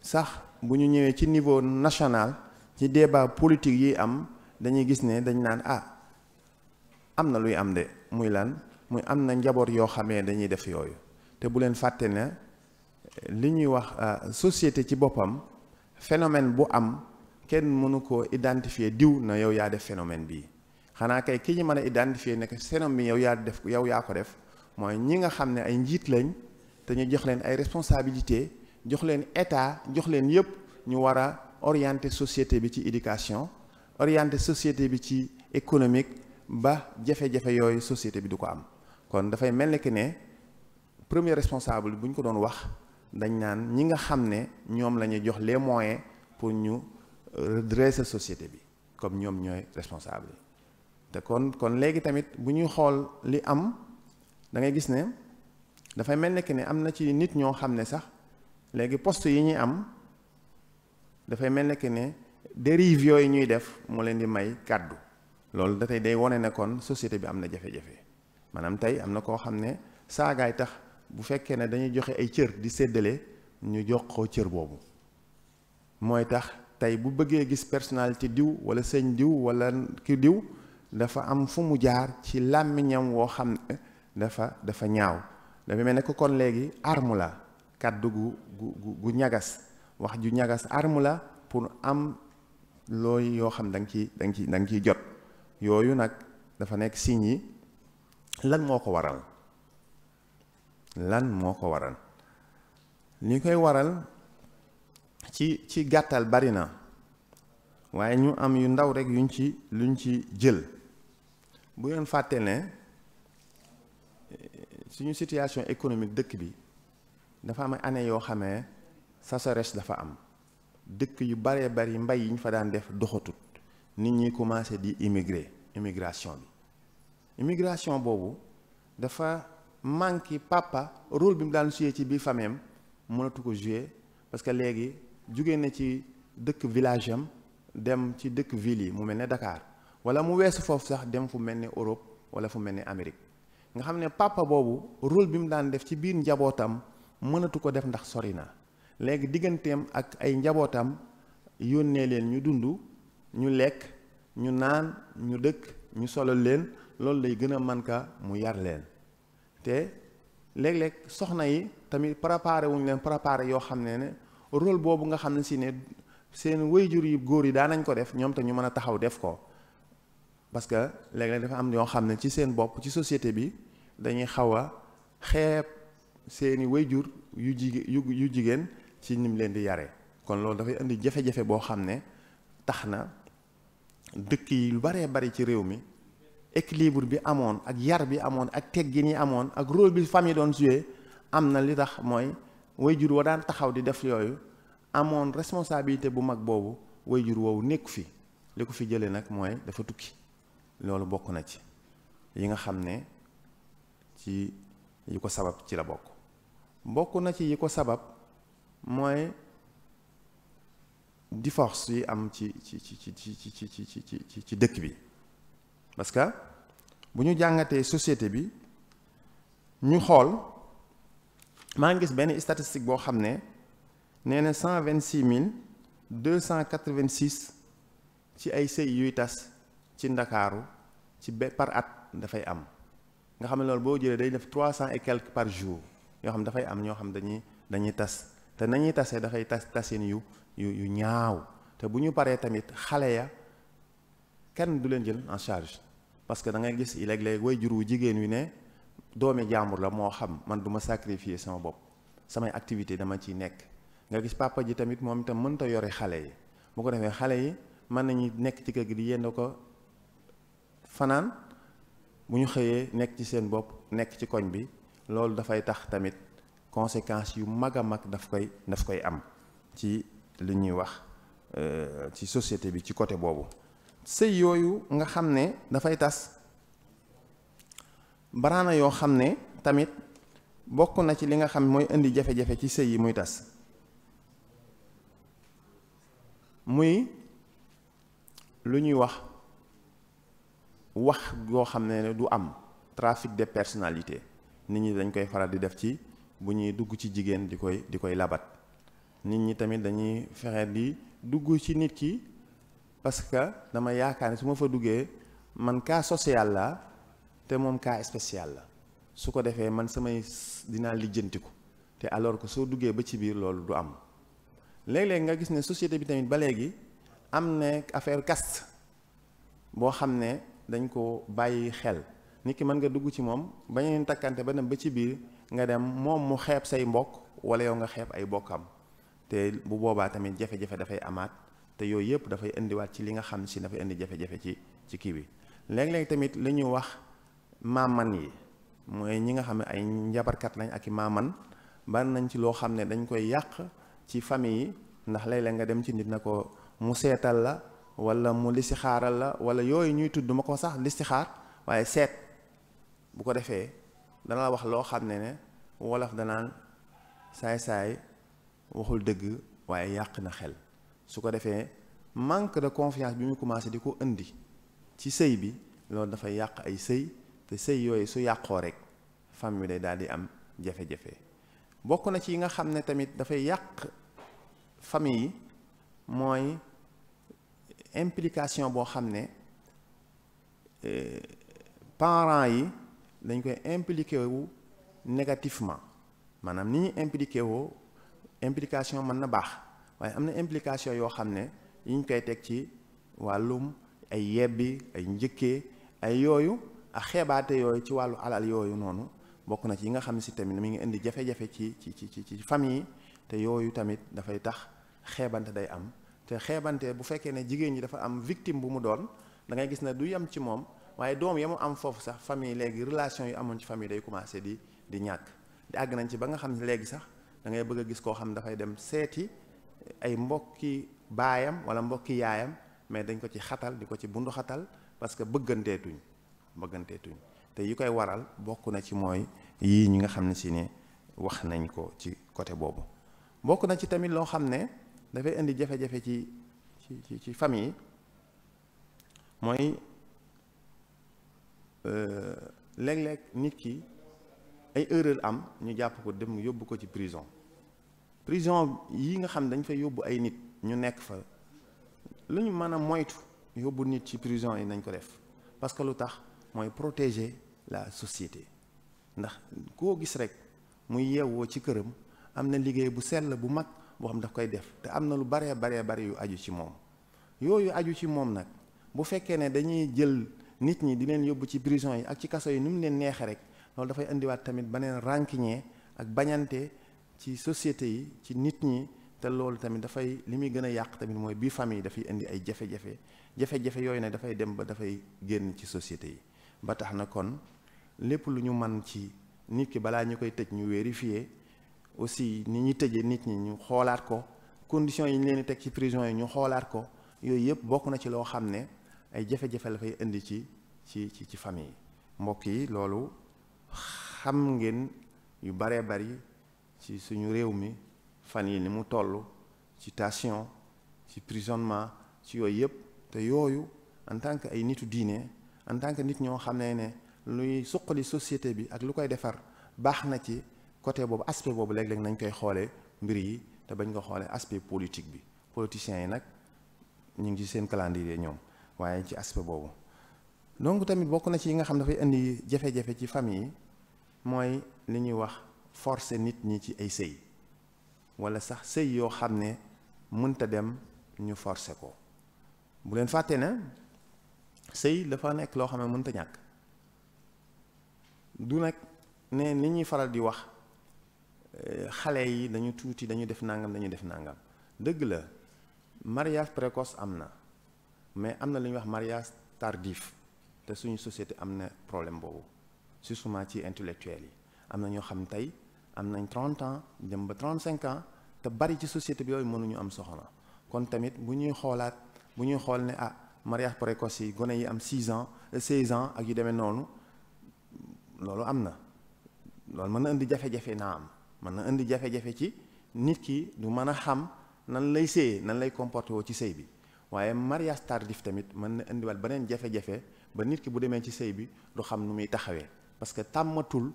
sax bu ñu ñëwee ci niveau national ci débat politique yi am dañuy gis ne dañ naan ah am na luy am de muy lan muy am na njaboot yoo xamee dañuy def yooyu te bu leen fàtte na eh, li ñuy wax ah, société ci boppam phénomène bu am kenn mënu ko identifier diw na yow yaa def phénomène bii xanaa kay ki ñu mën a identifier nekk phénomène bi yow yaa def yow yaa ko def mooy ñi nga xam ne ay njiit lañ te jox leen ay responsabilité jox leen état jox leen yëpp ñu war a orienter société bi ci éducation orienter société bi ci économique ba jafe yooyu société bi du ko am kon dafay mel ni que ne premier responsable bu ñu ko doon wax dañ naan ñi nga xam ne ñoom la ñuy jox les moyens pour ñu. redresser société bi comme ñoom ñooy responsable yi te kon kon léegi tamit bu ñuy xool li am da ngay gis ne dafay mel ne que ne am na ci nit ñoo xam ne sax léegi poste yi ñuy am dafay mel ne que ne dérive yi ñuy def moo leen di may kàddu loolu da tey day wane nekkoon société bi am na jafe-jafe maanaam tey am na koo xam ne saagaay tax bu fekkee ne dañuy joxe ay cër di séddale ñu jox ko cër boobu mooy tax. tey bu bëggee gis personnalité diw wala seen diw wala ki diw dafa am fu mu jaar ci làmmiñam woo xam ne dafa dafa ñaaw dafa mel ne ko kon léegi arme la kàddu gu gu gu ñagas wax ju ñagas arme la pour am looy yoo xam da nga ciy da nga ciy ciy jot yooyu nag dafa nekk signes yi lan moo ko waral lan moo ko waral li koy waral ci ci gàttal bari na waaye ñu am yu ndaw rek yuñ ci lu luñ ci jël bu ngeen fàtte ne eh, suñu situation économique dëkk bi dafa am année yoo xamee sécheresse dafa am dëkk yu baree bari mbay yi ñu fa daan def doxatut nit ñi commencé di immigré immigration bi immigration boobu dafa manqué papa role bi mu daan joué ci biir famille am mënatu ko joué parce que léegi jugee na ci dëkk village am dem ci dëkk ville mu mel ne dakaar wala mu weesu foofu sax dem fu mel ni Europe wala fu mel ni Amérique nga xam ne papa boobu rôle bi mu daan def ci biir njabootam mënatu ko def ndax sori na léegi digganteem ak ay njabootam yónnee leen ñu dund ñu lekk ñu naan ñu dëkk ñu solal leen loolu lay gën a mën ka mu yar leen te léeg-léeg soxna yi tamit préparé wuñ leen préparé yoo xam ne ne rôle boobu nga xam ne si ne seen wayjur yu góor yi daan nañ ko def ñoom te ñu mën a taxaw def ko parce que léeg-léeg dafa am yoo xam ne ci seen bopp ci société bi dañuy xaw a xeeb seeni wayjur yu jigéen yu jigéen ci nim leen di yare kon loolu dafay indi jafe-jafe boo xam ne tax na dëkk yi lu baree bari ci réew mi équilibre bi amoon ak yar bi amoon ak teggin yi amoon ak rôle bi famille doon joué am na li tax mooy way jur wa daan taxaw di def yooyu amoon responsabilité bu mag boobu jur woowu nekku fi li ko fi jëlee nag mooy dafa tukki loolu bokk na ci yi nga xam ne ci yi ko sabab ci la bokk bokk na ci yi ko sabab mooy divorce yi am ci ci ci ci ci ci ci ci dëkk bi parce que bu ñu jàngatee société bi ñu xool maa ngi gis benn statistique boo xam ne nee na cent vingt six mille deux cent quatre vingt six ci ay sëy yuy tas ci ndakaaru ci be par at dafay am nga xam ne loolu boo jëlee day def trois cent et quelques par jour yoo xam dafay am ñoo xam dañuy dañuy tas te nañuy tasee dafay tas tasin yu yu yu ñaaw te bu ñu paree tamit xale ya kenn du leen jël en charge parce que da ngay gis léeg-léeg way jur wu jigéen wi ne doomi jàmbur la moo xam man duma ma sacrifier sama bopp samay activité dama ciy nekk nga gis papa ji tamit moom itam mënta yore xale yi bu ko defee xale yi man nañu nekk ci kër gi di yend ko fanaan bu ñu xëyee nekk ci seen bopp nekk ci koñ bi loolu dafay tax tamit conséquences yu mag a mag daf koy daf koy am ci li ñuy wax euh, ci société bi ci côté boobu sëy yooyu nga xam ne dafay tas baraana yoo xam ne tamit bokk na ci li nga xam mooy indi jafe-jafe ci sëy yi muy tas muy lu ñuy wax wax goo xam ne du am trafic de personnalité nit ñi dañ koy faral di def ci bu ñuy dugg ci jigéen di koy di koy labat nit ñi tamit dañuy fexe di dugg ci nit ki parce que dama yaakaar ne su ma fa duggee man kaa social la te moom cas spécial la su ko defee man samay dinaa lijjantiku te alors que soo duggee ba ci biir loolu du am léeg-léeg nga gis ne société bi tamit ba léegi am na affaire caste boo xam ne dañ ko bàyyi xel nit ki mën nga dugg ci moom bañeen takkante ba dem ba ci biir nga dem moom mu xeeb say mbokk wala yow nga xeeb ay bokkam te bu boobaa tamit jafe dafay amaat te yooyu yëpp dafay indiwaat ci li nga xam si dafay indi jafe-jafe ci kii bi léeg-léeg tamit li ñu wax maaman yi mooy ñi nga xam ne ay njabarkat lañ ak i maaman nañ ci loo xam ne dañ koy yàq ci famille yi ndax léeg-léeg nga dem ci nit na ko mu seetal la wala mu listixaaral la wala yooyu ñuy tudd ma ko sax listixaar waaye seet bu ko defee dana la wax loo xam ne ne wolof danaa saay-saay waxul dëgg waaye yàq na xel su ko defee manque de confiance bi mu commencé di ko indi ci sëy bi loolu dafay yàq ay sëy te sëy yooyu su yàqoo rek femme bi day daal di am jafe-jafe bokk na ci yi nga xam ne tamit dafay yàq famille yi mooy implication boo xam ne euh, parents yi dañ koy impliqué wu négativement maanaam ni ñuy impliqué woo implication mën na baax waaye am na implication yoo xam ne yi ñu koy teg ci wàllum ay yebbi ay njëkkee ay yooyu ak xeebaate yooyu ci wàllu alal yooyu noonu bokk na ci yi nga xam ne si tamit mi ngi indi jafe-jafe ci ci ci ci famille te yooyu tamit dafay tax xeebante day am te xeebante bu fekkee ne jigéen ñi dafa am victime bu mu doon da ngay gis ne du yem ci moom waaye doom ya mu am foofu sax famille léegi relation yi amoon ci famille day commencé di di ñàkk di àgg nañ ci ba nga xam léegi sax dangay ngay bëgg a gis koo xam ne dafay dem seeti ay mbokki baayam wala mbokki yaayam mais dañ ko ci xatal di ko ci bundu xatal parce que bëgganteetuñ bëgganteetuñ te yi koy waral bokk na ci mooy yii ñi nga xam ne si ni wax nañ ko ci côté boobu bokk na ci tamit loo xam ne dafay indi jafe-jafe ci ci ci ci yi mooy euh, léeg-léeg nit ki ay erreur am ñu jàpp ko dem yóbbu ko ci prison prison yi nga xam dañ fay yóbbu ay nit ñu nekk fa lu ñu mën a moytu yóbbu nit ci prison yi nañ ko def parce lu tax mooy protéger la société ndax koo gis rek muy yeewoo ci këram am na liggéey bu sell bu mag boo xam daf koy def te am na lu baree baree bari yu aju ci moom yooyu aju ci moom nag bu fekkee ne dañuy jël nit ñi di leen yóbbu ci prison yi ak ci kaso yi nu mu leen neexee rek loolu dafay indiwaat tamit beneen rànkiñee ak bañante ci société yi ci nit ñi te loolu tamit dafay li muy gën a yàq tamit mooy bii famille dafay indi ay jafe-jafe jafe-jafe yooyu nag dafay dem ba dafay génn ci société yi ba tax na kon lépp lu ñu man ci nit ki balaa ñu koy tëj ñu vérifier aussi ni ñuy tëjee nit ñi ñu xoolaat ko conditions yi ñu leen teg ci prison yi ñu xoolaat ko yooyu yëpp bokk na ci loo xam ne ay jafe-jafe la fay indi ci ci ci ci famille mbokk yi loolu xam ngeen yu baree bari ci suñu réew mi fan yi ni mu toll ci tension ci prisonnement ci yooyu yëpp te yooyu en tant que ay nitu diine en tant que nit ñoo xam ne ne luy suqali société bi ak lu koy defar baax na ci côté boobu aspect boobu léeg-léeg nañ koy xoolee mbir yi te bañ ko xoolee aspect politique bi politiciens yi nag ñu ngi ci seen calendrier ñoom waaye ci aspect boobu donc tamit bokk na ci yi nga xam dafay indi jafe-jafe ci famille yi mooy li ñuy wax forcer nit ñi ci ay sëy walla sax sëy yoo xam ne mënta dem ñu forcer ko bu leen fàtte na sëy dafa nekk loo xam ne mënta ñàkk du nag ne ni ñuy faral di wax eh, xale yi dañu tuuti dañu def nangam dañu def nangam dëgg la mariage précoce am na mais am na lu ñuy wax mariage tardif te suñu société am na problème boobu surtout ci intellectuel yi am na ñoo xam tey am nañ trente ans jëm ba 35 ans te bari ci société bi yooyu mënuñu am soxna kon tamit bu ñuy xoolaat bu ñuy xool ne ah. mariage précoce yi gone yi am 6 ans 16 euh, ans ak yu demee noonu loolu am na loolu mën na indi jafe-jafe naa am mën na indi jafe-jafe ci nit ki du mën a xam nan lay séyee nan lay comporté woo ci sëy bi waaye mariage tardif tamit mën na indiwaat beneen jafe-jafe ba nit ki bu demee ci sëy bi du xam nu muy taxawee parce que tàmmatul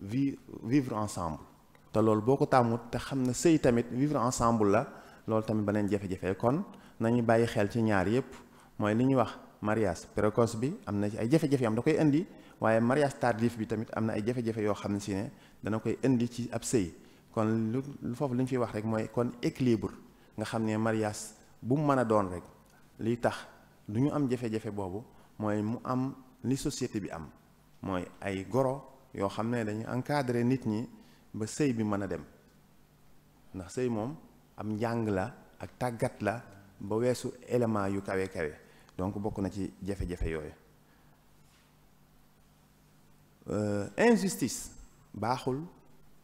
vi vivre ensemble te loolu boo ko tàmmut te xam na sëy tamit vivre ensemble la loolu tamit beneen jafe-jafe kon nañu bàyyi xel ci ñaar yépp mooy li ñuy wax mariage précoce bi am na ci ay jafe-jafe am da koy indi waaye mariage tardif bi tamit am na ay jafe yoo xam ne si ne dana koy indi ci ab sëy kon lu foofu lu ñu wax rek mooy kon équilibre nga xam ne mariage bu mu mën a doon rek liy tax du ñu am jafe-jafe boobu mooy mu am li société bi am mooy ay goro yoo xam ne dañuy encadrer nit ñi ba sëy bi mën a dem ndax sëy moom am njàng la ak tàggat la ba weesu élément yu kawe kawe donc bokk na ci jafe-jafe yooyu euh, injustice baaxul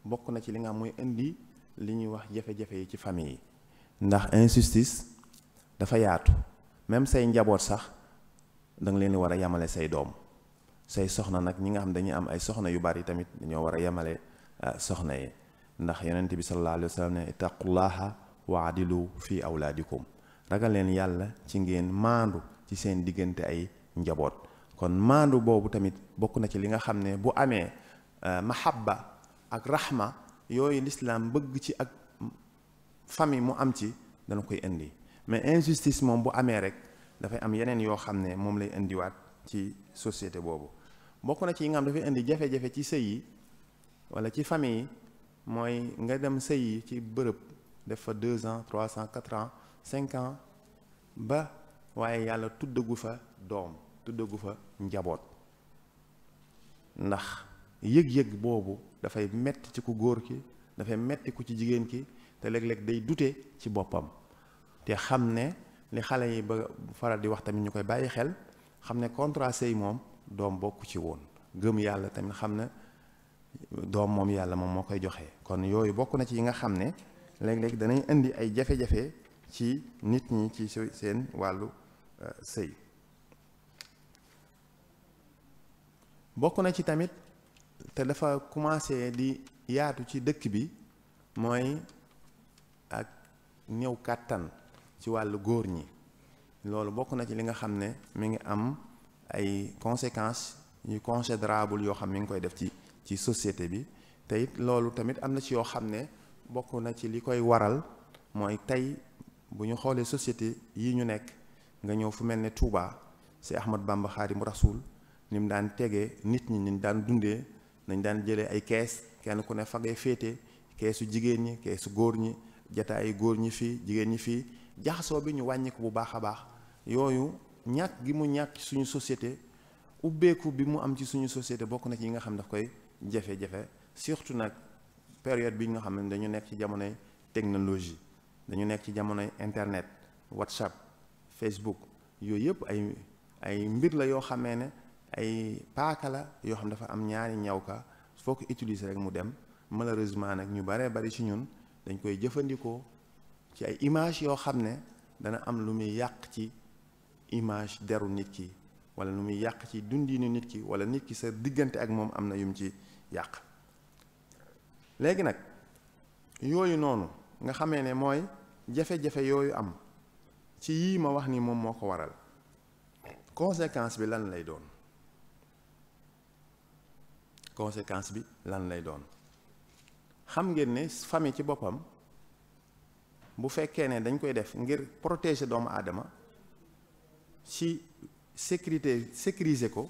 bokk na ci li nga xam mooy indi li ñuy wax jafe-jafe yi ci famille yi ndax injustice dafa yaatu même say njaboot sax da leen war a yamale say doom say soxna nag ñi nga xam dañuy am ay soxna yu bari tamit dañoo war a yamale ah, soxna yi ndax yonent bi sallallahu alayhi wa sallam ne ittaqullaha wa adilu fi awlaadikum ragal leen yàlla ci ngeen maandu ci seen diggante ay njaboot kon maandu boobu tamit bokk na ci li nga xam ne bu amee euh, mahabba ak rahma yooyu lislaam bëgg ci ak famille mu am ci dana koy indi mais injustice moom bu amee rek dafay am yeneen yoo xam ne moom lay indiwaat ci société boobu bokk na ci yi nga xam dafay indi jafe-jafe ci sëy yi wala ci famille yi mooy nga dem sëy yi ci bërëb def fa deux ans trois ans quatre ans cinq ans ba waaye yàlla tuddagu fa doom tuddagu fa njaboot ndax yëg-yëg boobu dafay metti ci ku góor ki dafay metti ku ci jigéen ki te léeg-léeg day dute ci boppam te xam ne li xale yi ba faral di wax tamit ñu koy bàyyi xel xam ne contrat sëy moom doom bokku ci woon gëm yàlla tamit xam ne doom moom yàlla moom moo koy joxe kon yooyu bokk na ci yi nga xam ne léeg-léeg danañ indi ay jafe-jafe ci nit ñi ci seen wàllu sëy bokk na ci tamit te dafa commencé di yaatu ci dëkk bi mooy ak néew kàttan ci wàllu góor ñi loolu bokk na ci li nga xam ne mi ngi am ay conséquences yu considérable yoo xam mi ngi koy def ci ci société bi tey loolu tamit am na ci yoo xam ne bokk na ci li koy waral mooy tey bu ñu xoolee société yi ñu nekk nga ñëw fu mel ne Touba si Ahmad Bamba Xaadimu Rasuul ni mu daan tegee nit ñi ni daan dundee nañ daan jëlee ay kees kenn ku ne fagee féete keesu jigéen ñi keesu góor ñi jataayu góor ñi fii jigéen ñi fii jaxasoo bi ñu wàññi bu baax a baax yooyu ñàkk gi mu ñàkk suñu société ubbeeku bi mu am ci suñu société bokk na ci yi nga xam daf koy jafe-jafe surtout nag période bi nga xam ne dañu nekk ci jamonoy technologie dañu nekk ci jamonoy internet WhatsApp. Facebook yooyu yëpp ay ay mbir la yoo xamee ne ay paaka la yoo xam dafa am ñaari ñaw ka foo ko utiliser rek mu dem malheureusement nag ñu baree bari ci ñun dañ koy jëfandikoo ci ay image yoo xam ne dana am lu muy yàq ci image deru nit ki wala lu muy yàq ci dundinu nit ki wala nit ki sa diggante ak moom am na yu mu ci yàq léegi nag yooyu noonu nga xamee ne mooy jafe-jafe yooyu am ci yii ma wax ni moom moo ko waral conséquence bi lan lay doon conséquence bi lan lay doon xam ngeen ne famille ci boppam bu fekkee ne dañ koy def ngir protéger doomu aadama ci sécurité sécuriser ko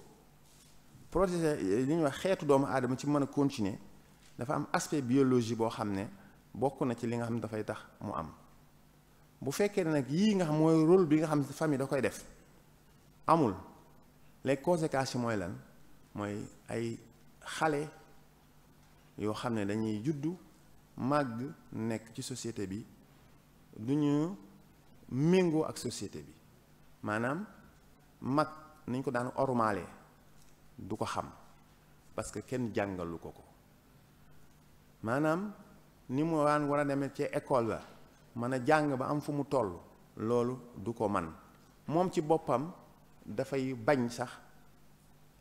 protéger euh, li ñuy wax xeetu doomu aadama ci mën a continuer dafa am aspect biologie boo xam ne bokk na ci li nga xam ne dafay tax mu am bu fekkee ne nag yii nga xam mooy rôle bi nga xam famille da koy def amul les conséquences yi mooy lan mooy ay xale yoo xam ne dañuy juddu màgg nekk ci société bi du méngoo ak société bi maanaam mag nañ ko daan ormaale du ko xam parce que kenn jàngalu ko ko maanaam ni mu waan war a demee ci école la mën a jàng ba am fu mu toll loolu du ko man moom ci boppam dafay bañ sax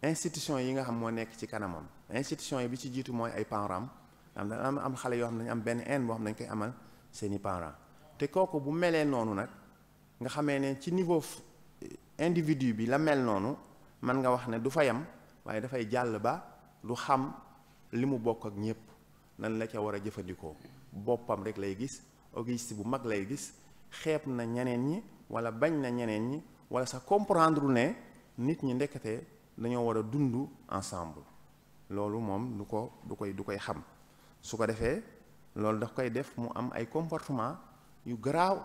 institution yi nga xam moo nekk ci kanamam institution yi bi ci jiitu mooy ay parents am am am xale yoo xam ne am benn haine dañ koy amal seeni parents te kooku bu melee noonu nag nga xamee ne ci niveau individu bi la mel noonu mën nga wax ne du fa yem waaye dafay jàll ba du xam li mu bokk ak ñépp nan la ca war a jëfandikoo boppam rek lay gis auguste bu mag lay gis xeeb na ñeneen ñi wala bañ na ñeneen ñi wala sa comprendre ne nit ñi ndekete dañoo war a dund ensemble loolu moom du ko du koy du koy xam su ko defee loolu daf koy def mu am ay comportement yu garaaw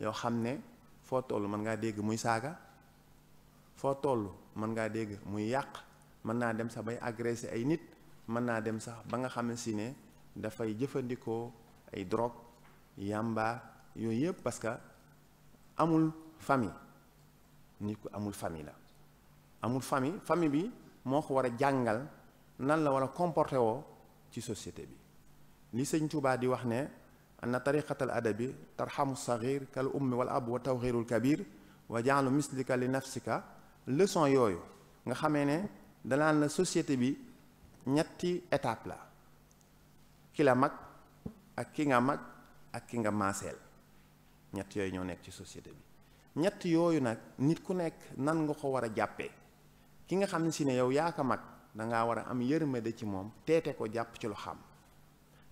yoo xam ne foo toll mën ngaa dégg muy saaga foo toll mën ngaa dégg muy yàq mën naa dem sax bay agressé ay nit mën naa dem sax ba nga xam ne si ne dafay jëfandikoo ay drogue yàmba yooyu yëpp parce que amul famille nit ku amul famille la amul famille famille bi moo ko war a jàngal nan la war a comporté woo ci société bi li sëñ Tuubaa di wax ne anna tariqatal adabi tarxamu saxiir kal ummi wal ab wa tawxiirul kabir wa jaalu mislika li nafsika leçon yooyu nga xame ne danaan la société bi ñetti étape la ki la mag ak ki nga mag ak ki nga maaseel ñett yooyu ñoo nekk ci société bi ñett yooyu nag nit ku nekk nan nga ko war a jàppee ki nga xam si ne yow yaa ko mag da ngaa war a am yërmande ci moom teete ko jàpp ci lu xam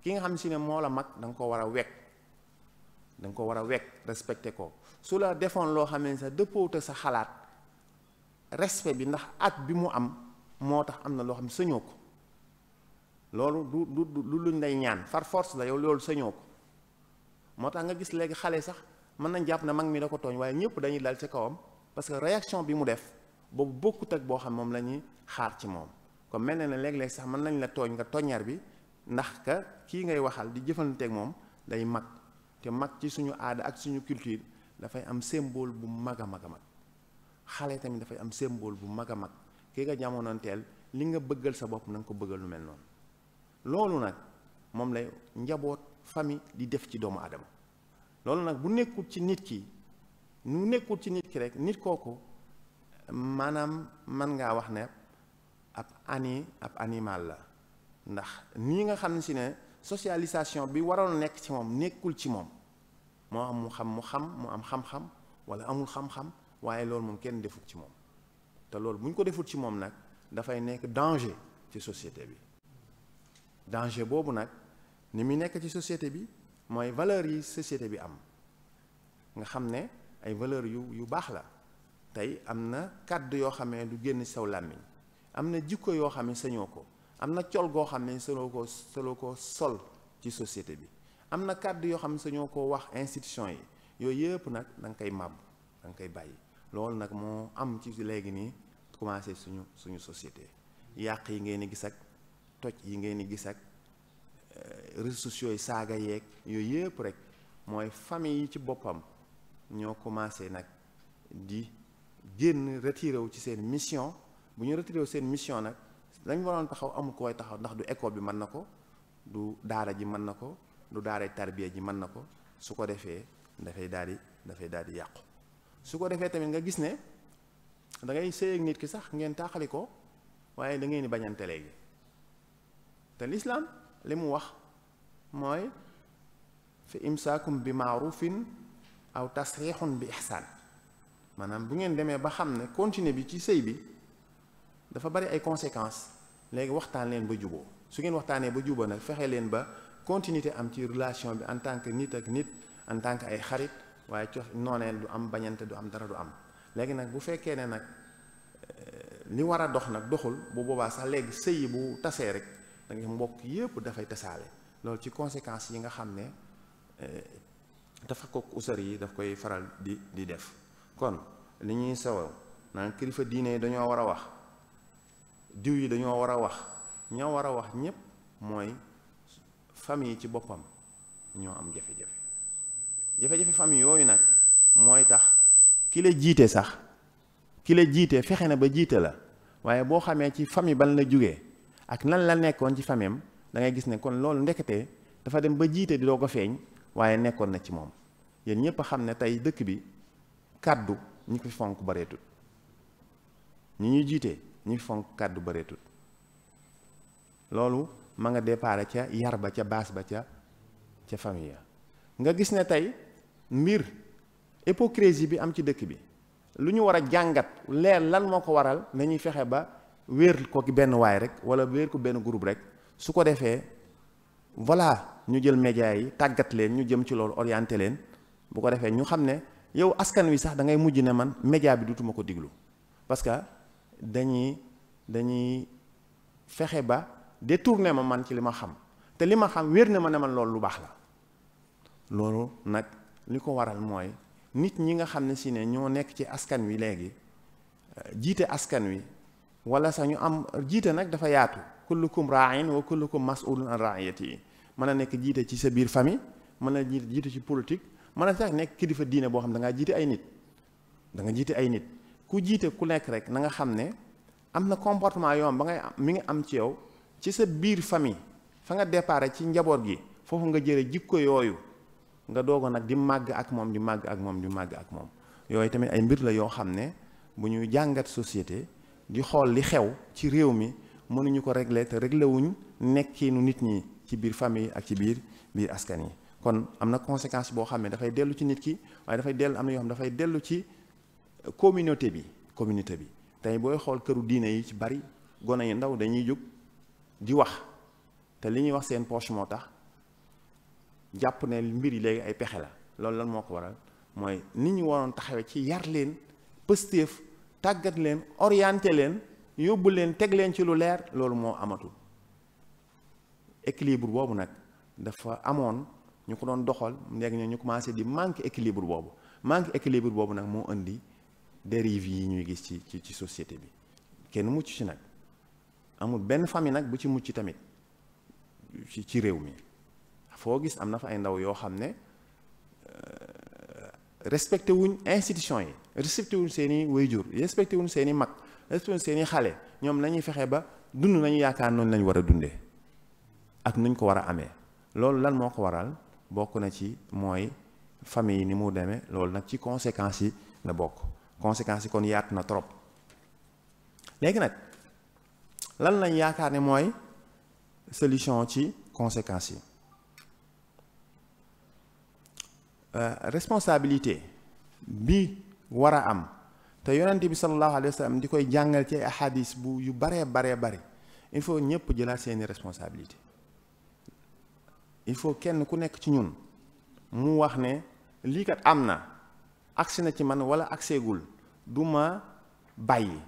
ki nga xam si ne moo la mag da nga ko war a wekk danga ko war a wekk respecté ko su la defoon loo xam ne sa dëppoota sa xalaat respect bi ndax ak bi mu am moo tax am na loo xam ne sañoo ko loolu du du lu luñ lay ñaan far force la yow loolu sañoo ko moo tax nga gis léegi xale sax mën nañ jàpp na mag mi da ko tooñ waaye ñëpp dañuy dal ci kawam parce que réaction bi mu def boobu bokkut ak boo xam moom la ñuy xaar ci moom comme mel na ne léeg sax mën nañ la tooñ nga toññar bi ndax ka kii ngay waxal di jëfanteeg moom day mag te mag ci suñu aada ak suñu culture dafay am symbole bu mag a mag a mag xale tamit dafay am symbole bu mag a mag kii nga jamonoonteel li nga bëggal sa bopp na nga ko bëggal lu mel noonu loolu nag moom lay njaboot famille di def ci doomu aadama loolu nag bu nekkul ci nit ki nu nekkul ci nit ki rek nit kooku maanaam man ngaa wax ne ab ani ab animal la ndax nii nga xam si ne socialisation bi waroon nekk ci moom nekkul ci moom moo am mu xam mu xam mu am xam-xam wala amul xam-xam waaye loolu moom kenn deful ci moom te loolu bu ñu ko deful ci moom nag dafay nekk danger ci société bi danger boobu nag ni muy nekk ci société bi mooy valeur yi société bi am nga xam ne ay valeur yu yu baax la tey am na kàdd yoo xam ne du génn saw làmmiñ am na jikko yoo xam ne sañoo ko am na col goo xam ne sañoo ko sañoo ko sol ci société bi am na kàdd yoo xam ne sañoo ko wax institution yi yooyu yëpp nag danga nga koy màbb da nga koy bàyyi loolu nag moo am ci léegi nii commencé suñu suñu société yàq yi ngeen di gis ak toj yi ngeen di gis ak Euh, réseaux sociaux yi saaga yeeg yooyu yëpp rek mooy famille yi ci boppam ñoo commencé nag di génn retiré wu ci seen mission bu ñu retiré wu seen mission nag dañ waroon taxaw amul ko way taxaw ndax du école bi mën na ko du daara ji mën na ko du daara tarbiya ji mën na ko su ko defee dafay daal di dafay daal di yàqu su ko defee tamit nga gis ne da ngay sëy ak nit ki sax ngeen taaxali ko waaye da ngeen di bañante léegi te lislaam li mu wax mooy fi imsaakum bi fin aw tasriixun bi ixsaan maanaam bu ngeen demee ba xam ne continuer bi ci sëy bi dafa bari ay conséquences léegi waxtaan leen ba juboo su ngeen waxtaanee ba juboo nag fexe leen ba continuité am ci relation bi en tant que nit ak nit en tant que ay xarit waaye cox noonee du am bañante du am dara du am léegi nag bu fekkee ne nag euh, li war a dox nag doxul bu boobaa sax léegi sëy bu tasee rek da mbokk yépp dafay tasaale loolu ci conséquences yi nga xam ne eh, dafa ko usar yi daf koy faral di di def kon li ñuy sawaw naan kilifa diine yi dañoo war a wax diw yi dañoo war a wax ña war a wax ñépp mooy yi ci boppam ñoo am jafe-jafe jafe-jafe famille yooyu nag mooy tax ki la jiite sax ki la jiite fexe na ba jiite la waaye boo xamee ci famille ban la jógee ak nan la nekkoon ci famem dangay gis ne kon loolu ndekete dafa dem ba jiite di doo ko feeñ waaye nekkoon na ci moom yéen ñëpp xam ne tey dëkk bi kàddu ñu ko fonk bareetut ñi ñuy jiite ñi fonk kàddu bareetut loolu ma nga déparé ca yar ba ca baas ba ca ca famille nga gis ne tey mbir hypocrisie bi am ci dëkk bi lu ñu war a jàngat leer lan moo ko waral nañuy fexe ba wéer ko ki benn waay rek wala wéer ko benn groupe rek su ko defee voilà ñu jël média yi tàggat leen ñu jëm ci loolu orienté leen bu ko defee ñu xam ne yow askan wi sax da ngay mujj ne man média bi dutuma ko diglu parce que dañuy dañuy fexe ba détourné ma man ci li ma xam te li ma xam wéer na ma ne man loolu lu baax la loolu nag li ko waral mooy nit ñi nga xam ne si ne ñoo nekk ci askan wi léegi jiite askan wi wala sax ñu am jiite nag dafa yaatu kullukum raain wa kullukum masulun an raiyati mën a nekk jiite ci sa biir famille mën a jiite ci politique mën a sax nekk kilifa diine boo xam da ngaa jiite ay nit da nga jiite ay nit ku jiite ku nekk rek na nga xam ne am na comportement yoon ba ngay mi ngi am ci yow ci sa biir famille fa nga départ ci njaboot gi foofu nga jëlee jikko yooyu nga doogoon nag di màgg ak moom di màgg ak moom di màgg ak moom yooyu tamit ay mbir la yoo xam ne bu ñuy jàngat société di xool li xew ci réew mi mënuñu ko régler te réglé wuñu nekkiinu nit ñi ci biir famille ak ci biir biir askan yi kon am na conséquence boo xam ne dafay dellu ci nit ki waaye dafay dellu am na yoo xam dafay dellu ci communauté bi communauté bi tey booy xool këru diine yi ci bari gone yu ndaw dañuy jug di wax te li ñuy wax seen poche moo tax jàpp ne mbir yi léegi ay pexe la loolu lan moo ko waral mooy nit ñu waroon taxawee ci yar leen pëstéef tàggat leen orienté leen yóbbu leen teg leen ci lu leer loolu moo amatul équilibre boobu nag dafa amoon ñu ko doon doxal léegi ñu commencé di manque équilibre boobu manque équilibre boobu nag moo indi dérive yi ñuy gis ci ci ci société bi kenn mucc ci nag amul benn famille nag bu ci mucc tamit ci ci réew mi foo gis am na fa ay ndaw yoo xam ne euh, respecté wuñ institution yi respecté wuñ seen i wayjur respecté wuñ seen mag respecté wuñ xale ñoom nañuy fexe ba dund nañu yaakaar noonu lañu war a dundee ak nuñ ko war a amee loolu lan moo ko waral bokk na ci mooy famille yi ni mu demee loolu nag ci conséquence yi na bokk conséquences yi kon yaatu na trop léegi nag lan lañ yaakaar ne mooy solution ci conséquences yi euh, responsabilité bi war a am te yonent bi sallallahu alayhi wa di koy jàngal ci ay ahadis bu yu baree baree bari il faut ñëpp jëlaat seeni responsabilité il faut kenn ku nekk ci ñun mu wax ne lii kat am na agsi na ci man wala agseegul du ma bàyyi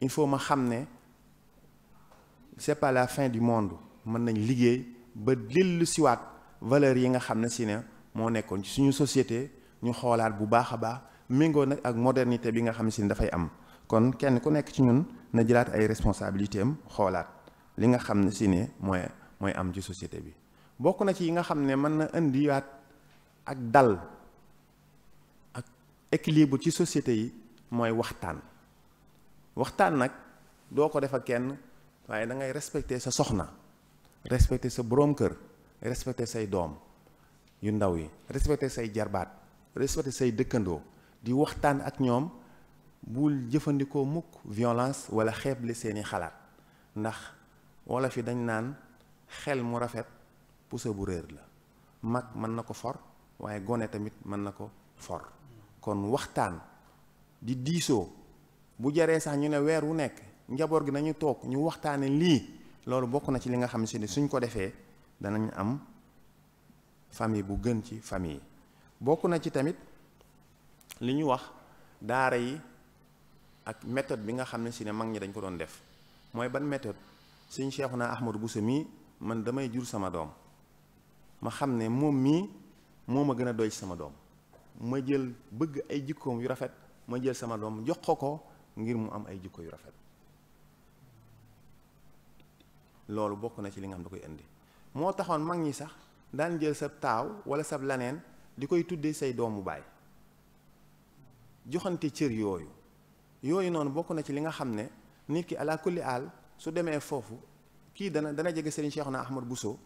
il faut ma xam ne c'est pas fin du monde mën nañ liggéey ba dellu siwaat valeurs yi nga xam ne si ne moo nekkoon ci suñu société ñu xoolaat bu baax a baax méngoo nag ak modernité bi nga xam si ne dafay am kon kenn ku nekk ci ñun na jëlaat ay responsabilité am xoolaat li nga xam ne si ne mooy mooy am ci société bi bokk na ci yi nga xam ne mën na indiwaat ak dal ak équilibre ci société yi mooy waxtaan waxtaan nag doo ko def ak kenn waaye da ngay respecter sa soxna respecter sa boroom kër respecter say doom yu ndaw yi respecter say jarbaat respecter say dëkkandoo di waxtaan ak ñoom bul jëfandikoo mukk violence wala xeeble seeni xalaat ndax wolof yi dañ naan xel mu rafet puso bu réer la mag mën na ko for waaye gone tamit mën na ko for kon waxtaan di diisoo bu jaree sax ñu ne weer wu nekk njaboot gi nañu toog ñu waxtaane lii loolu bokk na ci li nga xam si suñ ko defee danañ am famille bu gën ci famille bokk na ci tamit li ñu wax daara yi ak méthode bi nga xam ne si ne mag ñi dañ ko doon def mooy ban méthode suñ cheikhu naa bu busa mii man damay jur sama doom ma xam ne moom mii moo ma gën a doy sama doom ma jël bëgg ay jikkoom yu rafet ma jël sama doom jox ko ko ngir mu am ay jikko yu rafet loolu bokk na ci li nga xam da koy indi moo taxoon mag ñi sax daan jël sa taaw wala sa laneen di koy tuddee say doomu baay joxante cër yooyu yooyu noonu bokk na ci li nga xam ne nit ki ala kulli aal su demee foofu kii dana dana jege Serigne Cheikhouna Ahmad Bousso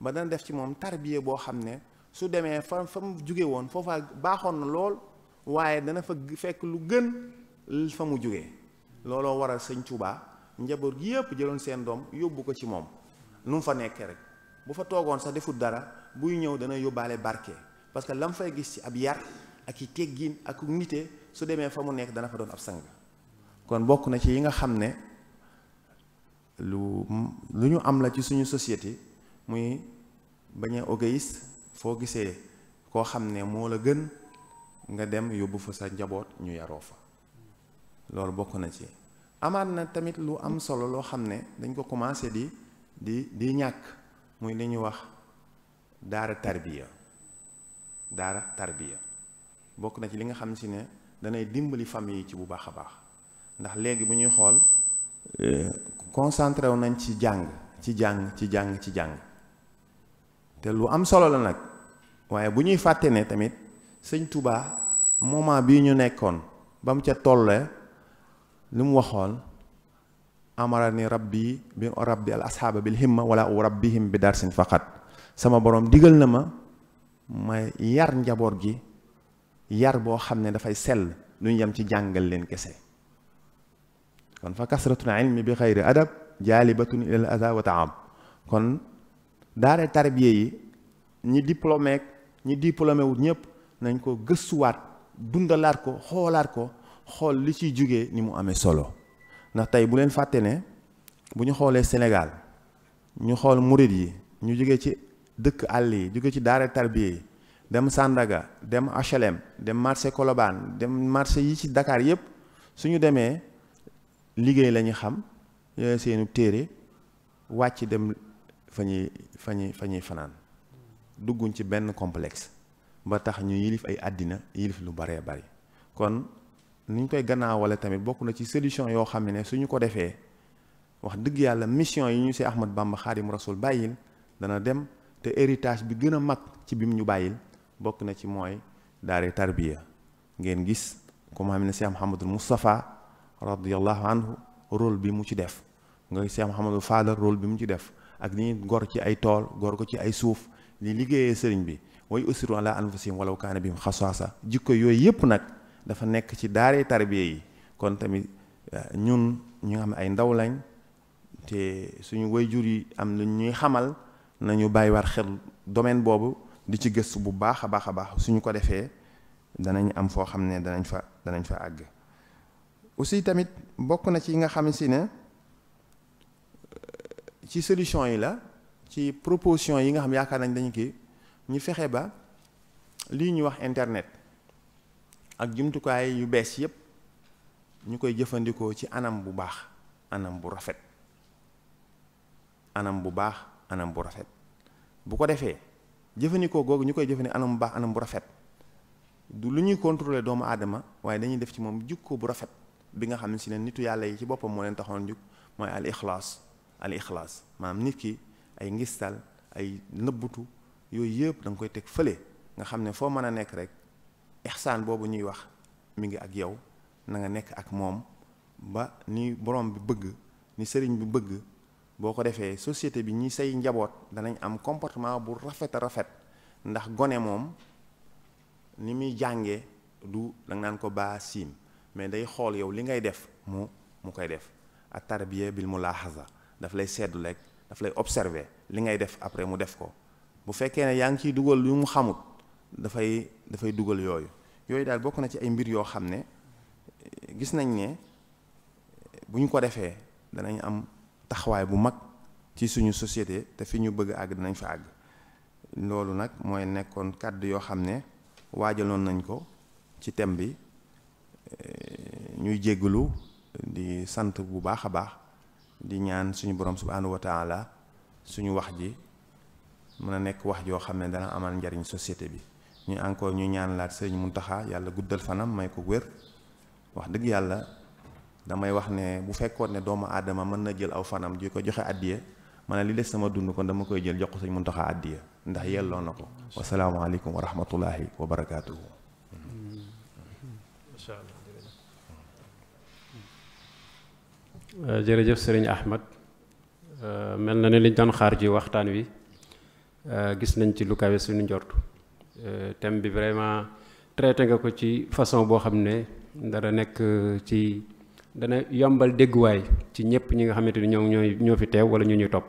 ba dana def ci moom tarbiye boo xam ne su demee fa fa mu jóge woon foofaa baaxoon na lool waaye dana fa fekk lu gën fa mu jóge looloo waral sëñ Tuubaa njaboot gi yëpp jëloon seen doom yóbbu ko ci moom lu mu fa nekkee rek bu fa toogoon sax defut dara buy ñëw dana yóbbaale barke parce que lam fay gis ci ab yar ak i teggin ak nite su demee fa mu nekk dana fa doon ab sang kon bokk na ci yi nga xam ne lu lu ñu am la ci suñu société muy bañ a foo gisee koo xam ne moo la gën nga dem yóbbu fa sa njaboot ñu yaroo fa loolu bokk na ci amaat na tamit lu am solo loo xam ne dañ ko commencé di di di ñàkk muy li ñuy wax daara tarbiya daara tarbiya bokk na ci li nga xam si ne danay dimbali famille yi ci bu baax a baax ndax léegi bu ñuy xool euh, concentré wu nañ ci jàng ci jàng ci jàng ci jàng te lu am solo la nag waaye bu ñuy fàtte ne tamit sëñ tubaa moment bii ñu nekkoon ba mu ca tollee li mu waxoon amara ni rabbi bi rabbi al asxaaba bil himma wala u rabbihim bi darsin faqat sama borom digal na ma may yar njaboot gi yar boo xam ne dafay sell duñ yem ci jàngal leen kese kon fa kasratul ilmi bi xayri adab jaalibatun ilal ada wa taab kon daare tarbiye yi ñi diplômé ñi diplômé wut ñëpp nañ ko gëstuwaat dundalaat ko xoolaat ko xool li ciy jóge ni mu amee solo ndax tey bu leen fàtte ne bu ñu xoolee Sénégal ñu xool murit yi ñu jóge ci dëkk àll yi jóge ci daare tarbiye yi dem Sandaga dem achelem dem marché kolobaan dem marché yi ci Dakar yëpp suñu demee liggéey la xam yore seenu téere wàcc dem fa ñuy fa ñuy fanaan dugguñ ci benn complex ba tax ñu yilif ay àddina yilif lu baree bari kon ni ñu koy gannaawale tamit bokk na ci solution yoo xam ne suñu ko defee wax dëgg yàlla mission yi ñu see Ahmad Bamba Xaadim Rasul bàyyil dana dem te héritage bi gën mag ci bim ñu bàyyil bokk na ci mooy daare tarbiya ngeen gis comme xam ne Cheikh Mouhamadul Moustapha radiyallahu anhu rôle bi mu ci def nga Cheikh Mouhamadul Fadal rôle bi mu ci def ak li ñu gor ci ay tool gor ko ci ay suuf li liggéeyee sëriñ bi way usiru ala anfusihim walaw kaana bihim xasaasa jikko yooyu yëpp nag dafa nekk ci daare tarbiya yi kon tamit eh, ñun ñu nga xam ne ay ndaw lañ te suñu way jur yi am lu ñuy xamal nañu bàyyiwaat xel domaine boobu di ci gëstu bu baax a baax a baax suñu ko defee danañ am foo xam ne danañ fa danañ fa àgg aussi tamit bokk na ci yi nga xam si ne euh, ci solution yi la ci proposition yi nga xam yaakaar nañ dañu ki ñu fexe ba lii ñu wax internet ak jumtukaay yu bees yépp ñu koy jëfandikoo ci anam bu baax anam bu rafet anam bu baax anam bu rafet bu ko defee jëfandikoo googu ñu koy jëfandikoo anam bu baax anam bu rafet du lu ñuy contrôler doomu aadama waaye dañuy def ci moom jikko bu rafet bi nga xam ne si ne nitu yàlla yi ci boppam moo leen taxoon jug mooy al ixlaas al ixlaas maanaam nit ki ay ngistal ay nëbbutu yooyu yëpp danga koy teg fële nga xam ne foo mën a nekk rek ixsaan boobu ñuy wax mi ngi ak yow na nga nekk ak moom ba ni borom bi bëgg ni sëriñ bi bëgg boo ko defee société bi ñi say njaboot danañ am comportement bu rafet a rafet ndax gone moom ni muy jàngee du da naan ko baa siim mais day xool yow li ngay def mu mu koy def ak tarbiya mu mulaahaza daf lay seddu rek daf lay observer li ngay def après mu def ko bu fekkee ne yaa ngi ciy dugal yu mu xamut dafay dafay dugal yooyu yooyu daal bokk na ci ay mbir yoo xam ne gis nañ ne bu ñu ko defee danañ am taxawaay bu mag ci suñu société te fi ñu bëgg àgg dinañ fa àgg loolu nag mooy nekkoon kàddu yoo xam ne waajaloon nañ ko ci thème bi eh, ñuy jégalu di sant bu baax a baax di ñaan suñu borom subhaanahu wa taala suñu wax ji mën a nekk wax joo xam ne dana amal njariñ société bi ñu encore ñu ñaan laat sëriñ Muntaxa yàlla guddal fanam may ko wér wax dëgg yàlla damay wax ne bu fekkoon ne doomu aadama mën na jël aw fanaam ji ko joxe addiya ma ne li des sama dund kon dama koy jël jox ko sëñ Muntaxa addiya ndax yelloo na ko mm-hmm. wasalaamaaleykum wa rahmatullahi wa barakaatuhu mm-hmm. euh, jërëjëf sëriñ Ahmad euh, mel na ne liñ doon xaar ci waxtaan wi euh, gis nañ ci lu kawe suñu njort thème bi vraiment traité nga ko ci façon boo xam ne dara nekk ci dana yombal dégguwaay ci ñëpp ñi nga xamante ni ñoo ñoo fi teew wala ñu ñuy topp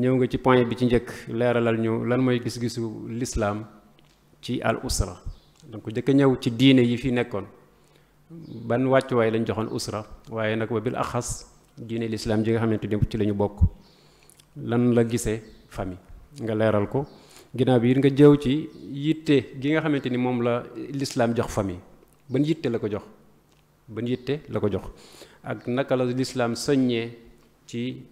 ñëw nga ci point bi ci njëkk leeralal ñu lan mooy gis-gisu lislaam ci al usra donc njëkk a ñëw ci diine yi fi nekkoon ban wàccuwaay lañ joxoon usra waaye nag wa bil axas diine lislaam ji nga xamante ni ci la ñu bokk lan la gisee famille nga leeral ko ginnaaw bi it nga jëw ci yitte gi nga xamante ni moom la lislaam jox famille ban yitte la ko jox ban yitte la ko jox ak naka la lislaam soññee ci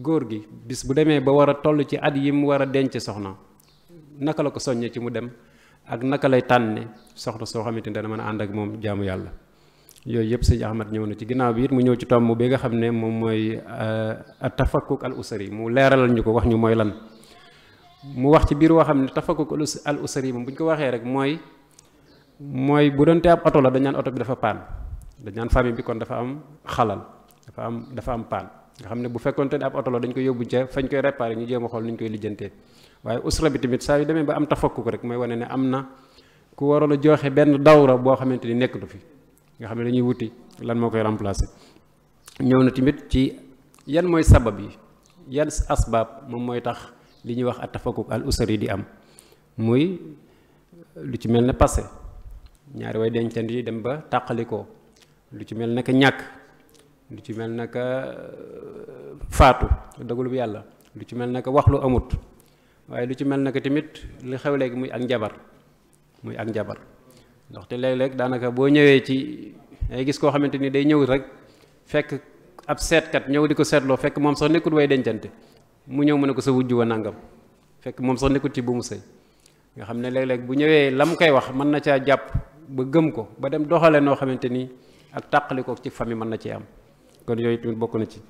góor gi bis bu demee ba war a toll ci at yi mu war a denc soxna naka la ko soññee ci mu dem ak naka lay tànne soxna soo xamante ne dana mën a ànd ak moom jaamu yàlla yooyu yëpp sëñ Ahmad ñëw na ci ginnaaw bi it mu ñëw ci tomb bi nga xam ne moom mooy euh, tafakkuk al usari mu leeralal ñu ko wax ñu mooy lan mu wax ci biir woo ne tafakkuk al usari moom bu ñu ko waxee rek mooy mooy bu doon te ab oto la dañ naan oto bi dafa paan dañ naan famille bi kon dafa am xalal dafa am dafa am paan nga xam ne bu fekkonte ne ab oto la dañ koy yóbbu ca fañ koy réparé ñu jéem a xool nu ñu koy lijjantee waaye usra bi tamit saa yu demee ba am tafakku ko rek mooy wane ne am na ku waroon a joxe benn dawra boo xamante ni nekkatu fi nga xam ne dañuy wuti lan moo koy remplacer ñëw na tamit ci yan mooy sabab yi yan asbaab moom mooy tax li ñuy wax at tafakkuk al usri di am muy lu ci mel ne passé ñaari way dencant yi dem ba tàqalikoo lu ci mel naka ñàkk lu ci mel naka euh, faatu dogalub yàlla lu ci mel naka wax lu amut waaye lu ci mel naka tamit li xew léegi muy ak njabar muy ak njabar ndaxte léeg-léeg daanaka boo ñëwee ci ay gis koo xamante ni day ñëw rek fekk ab seetkat ñëw di ko seetloo fekk moom sax nekkul way dencante mu ñëw mu ne ko sa wujju wa nangam fekk moom sax nekkul ci bu mu sëy nga xam ne léeg-léeg bu ñëwee lam koy wax jàpp ba gëm ko ba dem doxale noo xamante ni ak tàqalikoo ci famille man na ci am kon yooyu tamit bokk na ci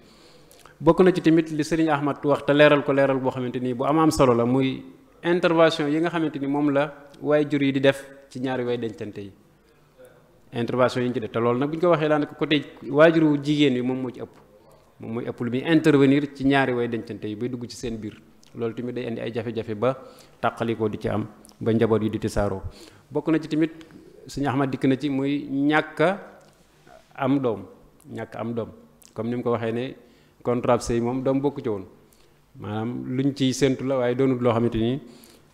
bokk na ci tamit li sëriñ wax te leeral ko leeral boo xamante ni bu am solo la muy intervention yi xamante ni moom la waay jur yi di def ci ñaari way dencante yi intervention yi ci def loolu nag bu ñu ko waxee daanaka côté waajuru jigéen bi moom moo ci ëpp moom mooy ëpp lu muy intervenir ci ñaari way dencante yi bay dugg ci seen biir loolu tamit day ay jafe-jafe ba tàqalikoo di ci am ba njaboot yi di tisaaroo bokk na ci tamit suñu Ahmad dikk na ci muy ñàkk am doom ñàkk am doom comme ni mu ko waxee ne contraception yi moom doom bokku ci woon maanaam luñ ciy séntu la waaye doonut loo xamante ni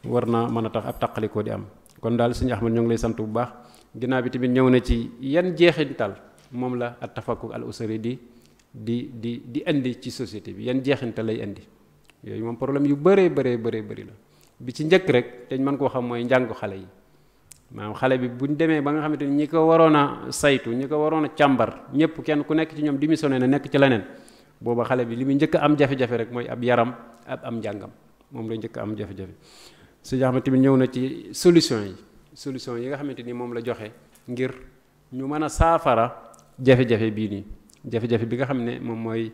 war na mën a tax ab taqalikoo di am kon daal suñu Ahmad ñu ngi lay sant bu baax ginnaaw bi tamit ñëw na ci yan jeexintal moom la at tafakku al usri di di di di indi ci société bi yan jeexintal lay indi yooyu moom problème yu bëree bëree bëree bari la bi ci njëkk rek dañ mën koo xam mooy njàngu xale yi maanaam xale bi bu ñu demee ba nga xamante ni ñi ko waroon a saytu ñi ko waroon a càmbar ñëpp kenn ku nekk ci ñoom démissionné na nekk ci leneen booba xale bi li muy njëkk am jafe-jafe rek mooy ab yaram ab am njàngam moom la njëkk am jafe su jaxama tamit ñëw na ci solution yi solution yi nga xamante ni moom la joxe ngir ñu mën a saafara jafe-jafe bii nii jafe-jafe bi nga xam ne moom mooy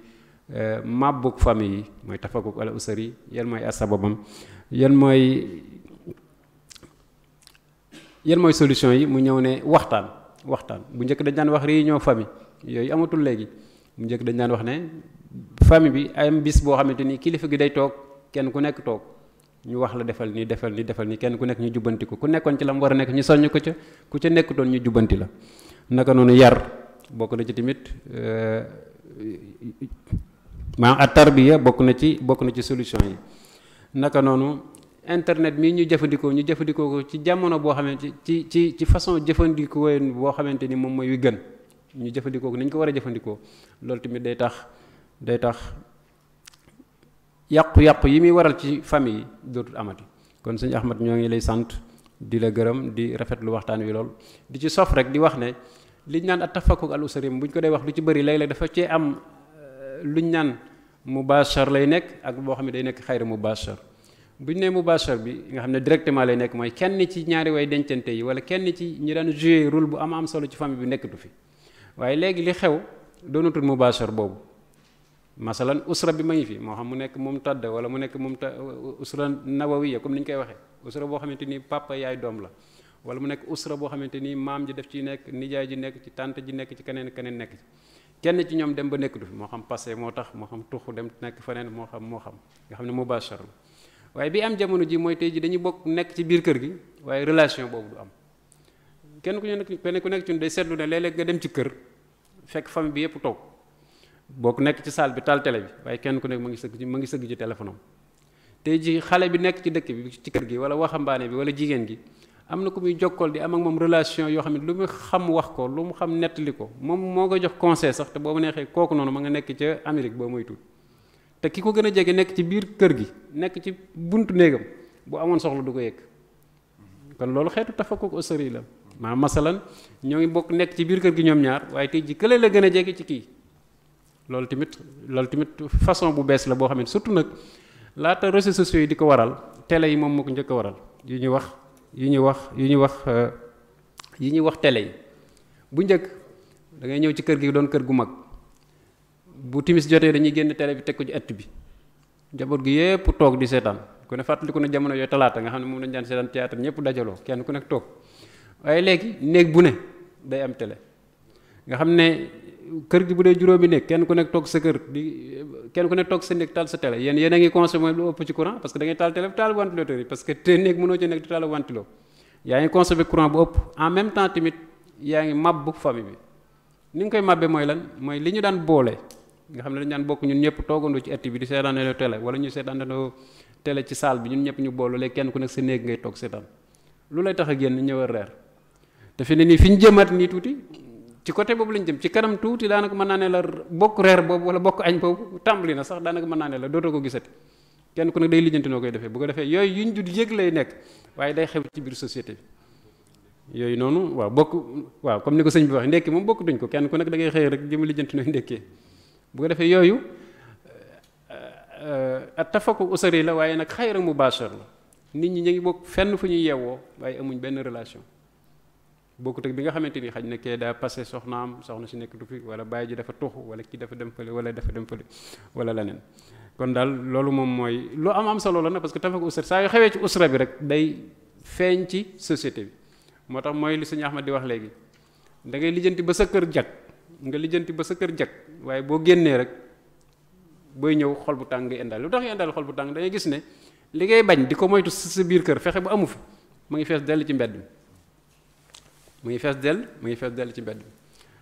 eh, màbbuk famille yi mooy tafakuk al usari yan mooy asababam yan mooy yan mooy solution yi mu ñëw ne waxtaan waxtaan bu njëkk dañ daan wax rii ñoo famille yooyu amatul léegi bu njëkk dañ daan wax ne famille bi am bis boo xamante ni kilifa gi day toog kenn ku nekk toog ñu wax la defal nii defal nii defal nii kenn ku nekk ñu jubbanti ko ku nekkoon ci la mu war a nekk ñu soññ ko ca ku ca nekk nekkutoon ñu jubbanti la naka noonu yar bokk na ci tamit euh, maanaam at tarbiya bokk na ci bokk na ci solution yi naka noonu internet mii ñu jëfandikoo ñu jëfandikoo ko ci jamono boo xamante ci ci ci façon jëfandikoo boo xamante ni moom mooy wi gën ñu jëfandikoo ko ni ñu ko war a jëfandikoo loolu tamit day tax day tax yàqu-yàqu yi muy waral ci famille yi dootul amati kon sëñ Ahmad ñoo ngi lay sant di la gërëm di rafetlu waxtaan wi lool di ci sof rek di wax ne liñ naan at tafakuk al bu ñu ko dee wax lu ci bëri léeg-léeg dafa cee am lu euh, luñ naan mubashar lay nekk ak boo xam ne day nekk xayra mubashar bu ñu nee mubashar bi nga xam ne directement lay nekk mooy kenn ci ñaari way dencante yi wala kenn ci ñi daan jouer rôle bu am am solo ci famille bi nekkatu fi waaye léegi li xew doonatul mubashar boobu masalan usra bi ma ngi fi moo xam mu nekk moom tadda wala mu nekk moom ta usra nawawiya comme ni ñu koy waxee usra boo xamante ni papa yaay doom la wala mu nekk usra boo xamante ni maam ji def ci nekk nijaay ji nekk ci tante ji nekk ci keneen keneen nekk kenn ci ñoom dem ba nekkatu moo xam passé moo tax moo xam tuxu dem nekk feneen moo xam moo xam nga xam ne mubashar la waaye bi am jamono ji mooy tey ji dañuy bokk nekk ci biir kër gi waaye relation boobu du am kenn ku ñu nekk kenn ku nekk ci day seetlu ne léeg nga dem ci kër fekk famille bi yëpp toog bokk nekk ci salle bi taal bi waaye kenn ku nekk mu ngi sëgg ci mu ngi sëgg ci téléphone am tey ji xale bi nekk ci dëkk bi ci kër gi wala waxambaane bi wala jigéen gi am na ku muy jokkool di am ak moom relation yoo xam ne lu mu xam wax ko lu mu xam nettali ko moom moo ko jox conseil sax te boobu neexee kooku noonu ma nga nekk ca Amérique boo moytuwul te ki ko gën a jege nekk ci biir kër gi nekk ci buntu néegam bu amoon soxla du ko yëg kon loolu xeetu tafakuk usri la maa masalan ñoo ngi bokk nekk ci biir kër gi ñoom ñaar waaye tey ji kële la gën a jege ci kii loolu tamit loolu tamit façon bu bees la boo xam ne surtout nag laata réseaux sociaux yi di ko waral télé yi moom moo ko njëkk waral yu ñuy wax yu ñuy wax yu ñuy wax euh, yi ñuy wax télé yi bu njëkk da ñëw ci kër gi doon kër gu mag bu timis jotee dañuy génn tele bi teg ko ci ëtt bi njaboot gi yépp toog di seetaan kon ne fàttaliku na jamono yooyu talaata nga xam ne moom lañu daan seetaan théâtre ñëpp dajaloo kenn ku nekk toog waaye léegi néeg bu ne day am télé nga xam ne kër gi bu dee juróomi néeg kenn ku nekk toog sa kër di kenn ku nekk toog sa néeg taal sa télé yéen yéen a ngi consommé lu ëpp ci courant parce que da ngay taal télé taal ventilateur yi parce que te néeg mënoo ci nekk di taal ventilo yaa ngi consommé courant bu ëpp en même temps tamit yaa ni nga koy mabbe mooy lan mooy li ñu daan boole nga xam ne dañ daan bokk ñun ñëpp toogandoo ci ëtt bi di seetaanandoo télé wala ñu seetaanandoo télé ci salle bi ñun ñëpp ñu boolu léegi kenn ku nekk sa néeg ngay toog seetaan lu lay tax a génn ñëwal reer te fi ne nii fi ñu jëmaat nii tuuti ci côté boobu lañ jëm ci kanam tuuti daanaka mën naa ne la bokk reer boobu wala bokk añ boobu tàmbali na sax daanaka mën naa ne la dootoo ko gisati kenn ku nekk day lijjanti noo koy defee bu ko defee yooyu yuñ jud yëg lay nekk waaye day xew ci biir société bi yooyu noonu waaw bokk waaw comme ni ko sëñ bi wax ndekki kenn ku nekk da ngay xëy rek jëm lijjanti nooy ndekkee bu defee yooyu euh, euh, at tafaku usari la waaye nag xayra mubashar la nit ñi ñu ngi bokk fenn fu ñuy yeewoo waaye amuñ benn relation bokkut bi nga xamante ni xaj na kee daa passé soxnaam soxna si nekk du fi wala bàyyi ji dafa tuxu wala ki dafa dem fële wala dafa dem fële wala leneen kon daal loolu moom mooy lu am am solo la na parce que tafaku usra saa yu xewee ci usra bi rek day feeñ ci société bi moo tax mooy li sëñ ma di wax léegi da ngay lijjanti ba sa kër jag nga lijjanti ba sa kër jag waaye boo génnee rek booy ñëw xol bu tàng nga indaale lu tax nga indaale xol bu tàng da gis ne li ngay bañ di ko moytu sa biir kër fexe bu amu fi mu ngi fees dell ci mbedd mi mu ngi fees dell mu ngi fees dell ci mbedd mi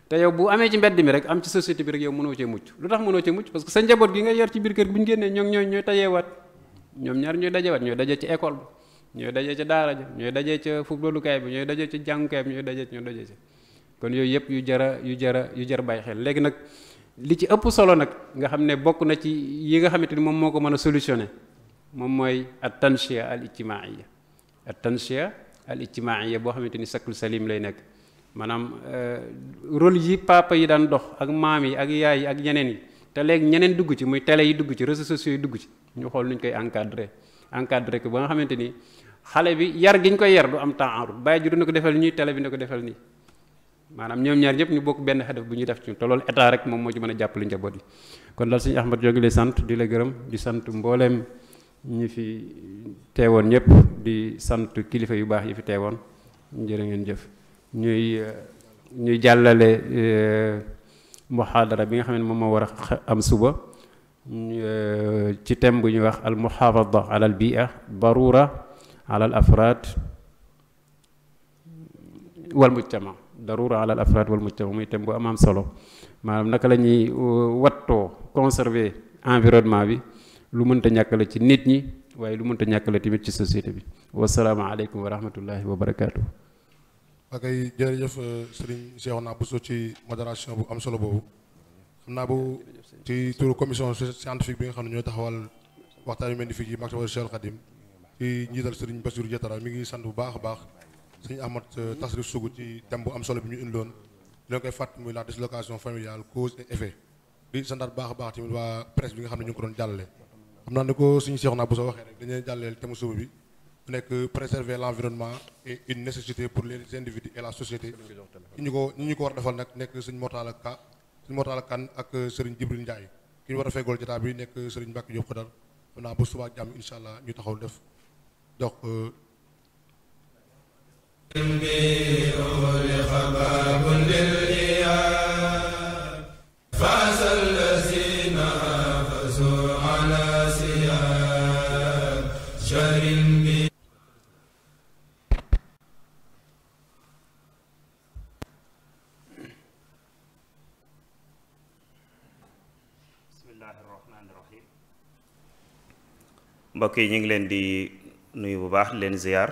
te yow bu amee ci mbedd mi rek am ci société bi rek yow mënoo cee mucc lu tax mënoo cee mucc parce que sa njaboot gi nga yar ci biir kër bu ñu génnee ñoom ñooy ñooy wat ñoom ñaar ñooy wat ñooy daje ci école bi ñooy daje ci daara ja ñooy daje ca footballukaay bi ñooy daje ci jàngukaay bi ñooy daje ñooy kon yooyu yëpp yu jara yu jara yu jar bàyyi xel léegi nag li ci ëpp solo nag nga xam ne bokk na ci yi nga xamante ni moom moo ko mën a solutionné moom mooy at tanshia al ijtimaaiya at tanshia al ijtimaaiya boo xamante ni saklu salim lay nekk maanaam euh, rôle yi papa yi daan dox ak maam yi ak yaay yi ak ñeneen yi te léegi ñeneen dugg ci muy télé yi dugg ci réseaux sociaux yi dugg ci ñu xool nuñ koy encadré encadré ko ba nga xamante ni xale bi yar gi ñu koy yar du am temps en route bàyyi ji du na ko defal ñuy télé bi ne ko defal nii maanaam ñoom ñaar ñëpp ñu bokk benn xedef bu ñuy def ci te loolu état rek moom moo ci mën a jàppale njaboot yi kon loolu sëñ Ahmad jógi sant di la gërëm di sant mbooleem ñu fi teewoon ñëpp di sant kilifa yu baax yi fi teewoon jërë ngeen jëf ñuy ñuy jàllale eh, muhaadara bi nga xam ne moom moo war a am suba eh, ci thème bu ñuy wax al muhaafada ala al bia darura ala al afraad wal mujtama darura ala al afrad wal mujtama muy thème bu am am solo maanaam naka la ñuy euh, wattoo conserver environnement bi lu mënta ñàkk la ci nit ñi waaye lu mënta ñàkk la tamit ci société bi wasalaamaaleykum wa rahmatullahi wa barakaatu. ak ay jërëjëf euh, Serigne Cheikhouna Bousso ci modération bu am solo boobu xam naa bu ci turu commission scientifique bi nga xam ne ñoo taxawal waxtaan yu mel ni fii ci Maktabul Cheikhoul Khadim ci njiital Serigne Bassirou Diatara mi ngi sant bu baax a baax. suñu amat euh, tasrif sugu ci thème bu am solo bi ñu indiloon dina koy fàtt muy la dislocation familiale cause et effet di santaat baax a baax tamit waa presse bi nga xam ne ñu ngi ko doon jàllale xam naa ne ko suñu seex naa bu soo waxee rek dañuy jàllale thème suba bi mu nekk préserver l'environnement est une nécessité pour les individus et la société ñi ñu ko ñi ñu ko war a defal nag nekk suñ mortaala ka suñ mortaala kan ak sëriñ Jibril Ndiaye ki ñu war a feggool bi nekk sëriñ Mbacke Diop Xodar xam naa bu subaa jàmm incha allah ñu taxaw def donc euh, mbokk yi ñu ngi leen di nuyu bu baax leen ziyaar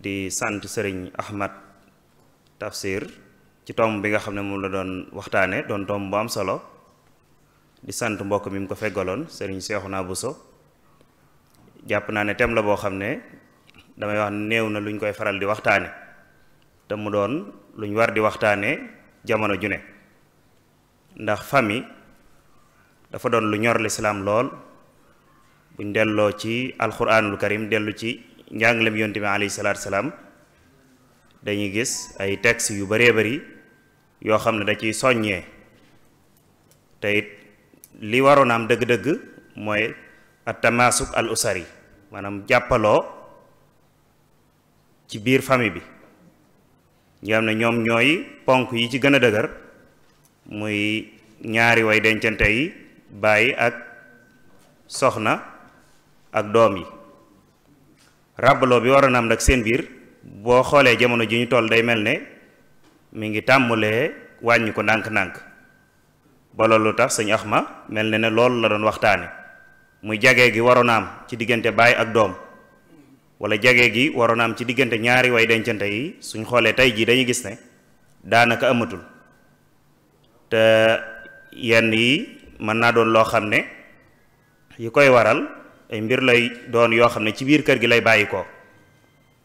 di sant sëriñ Ahmad Tafsir ci tomb bi nga xam ne moom la doon waxtaane doon tomb bu am solo di sant mbokk mi mu ko feggaloon sëriñ Seexuna Buso jàpp naa ne tem la boo xam ne damay wax néew na luñ koy faral di waxtaane te mu doon luñ war di waxtaane jamono ju ne ndax famille dafa doon lu ñor lislaam lool buñ delloo ci alxuraanul karim dellu ci njàngaleem yonte bi alayhi salaam dañuy gis ay textes yu baree bari yoo xam ne da ciy soññee te li waroon am dëgg-dëgg mooy at-tamaasuk al usari maanaam jàppaloo ci biir famille bi ñi ne ñoom ñooy ponk yi ci gën a dëgër muy ñaari way dencante yi bàyyi ak soxna ak doom yi ràbbaloo bi waroon am nag seen biir boo xoolee jamono ji ñu toll day mel ne mi ngi tàmbalee wàññiku ndànk-ndànk ba loolu tax sëñ ma mel na ne loolu la doon waxtaane muy jagee gi waroon am ci diggante baay ak doom wala jagee gi waroon am ci diggante ñaari way dencante yi suñ xoolee tey jii dañuy gis ne daanaka amatul te yenn yi mën naa doon loo xam ne yi koy waral ay mbir lay doon yoo xam ne ci biir kër gi lay bàyyi ko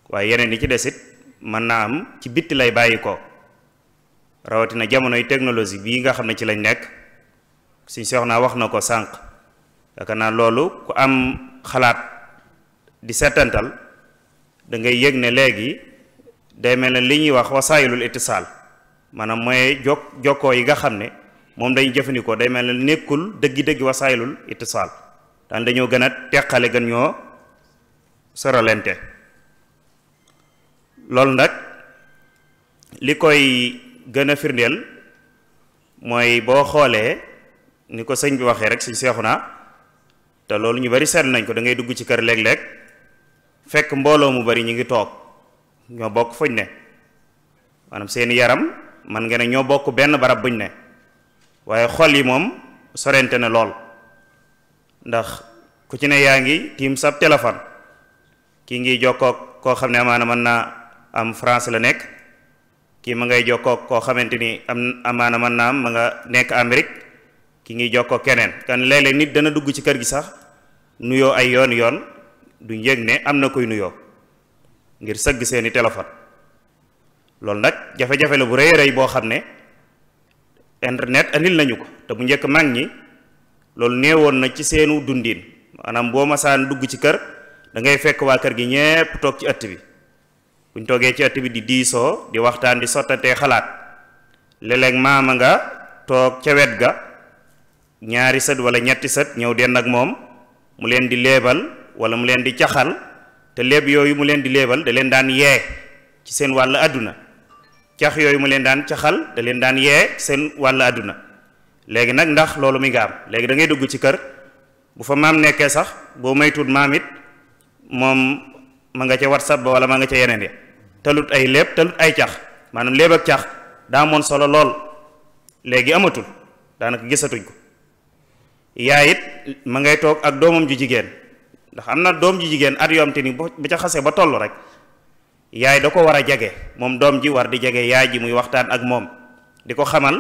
waaye yeneen yi ci desit mën naa am ci bitti lay bàyyi ko rawatina jamonoy technologie bii nga xam ne ci lañ nekk suñ soxnaa wax na ko sànq yaakaar naa loolu am xalaat di setantal da ngay ne léegi day mel ne li ñuy wax wasaayilul ittisaal maanaam mooy jok jokkoo yi nga xam ne moom dañuy jëfandikoo day mel ne nekkul dëggi-dëggi wasaayilul ittisaal daan dañoo gën a teqale gën ñoo soralente loolu nag li koy gën a firndeel mooy boo xoolee ni ko sëñ bi waxee rek sëñ seexu naa te loolu ñu bari seetlu nañ ko da dugg ci kër léeg-léeg fekk mbooloo mu bari ñu ngi toog ñoo bokk fuñ ne maanaam seeni yaram man nga ne ñoo bokk benn barab buñ ne waaye xol yi moom sorente na lool ndax ku ci ne yaa ngi tiim sab téléphone kii ngi jokkook koo xam ne amaana man naa am France la nekk kii ma ngay jokkook koo xamante ni am amaana mën naa am ma nga nekk Amérique ki ngi jokkoog keneen kan léeg-léeg nit dana dugg ci kër gi sax nuyoo ay yoon yoon du njëg ne am na koy nuyoo ngir sëgg seeni téléphone loolu nag jafe-jafe la bu rëy rëy boo xam ne internet andil nañu ko te bu njëkk mag ñi loolu néewoon na ci seenu dundin maanaam boo masaan dugg ci kër dangay fekk waa kër gi ñépp toog ci ëtt bi toogee ci ëtt bi di diisoo di waxtaan di sottantee xalaat léeg-léeg maama nga toog ca wet ga ñaari sët wala ñetti sët ñëw dend ak moom mu leen di leebal wala mu leen di caxal te léeb yooyu mu leen di leebal da leen daan yee ci seen wàll àdduna cax yooyu mu leen daan caxal da leen daan yee ci seen wàll àdduna léegi nag ndax loolu mi nga am léegi da ngay dugg ci kër bu fa maam nekkee sax boo maytuut maam it moom ma nga ca whatsapp ba wala ma nga ca yeneen ya talut ay léeb talut ay cax maanaam léeb ak cax daa moon solo lool léegi amatul daanaka gisatuñ ko yaay it ma ngay toog ak doomam ju jigéen ndax am na doom ju jigéen at yomte ni ba ca xase ba toll rek yaay da ko war a jege moom doom ji war di jege yaay ji muy waxtaan ak moom di ko xamal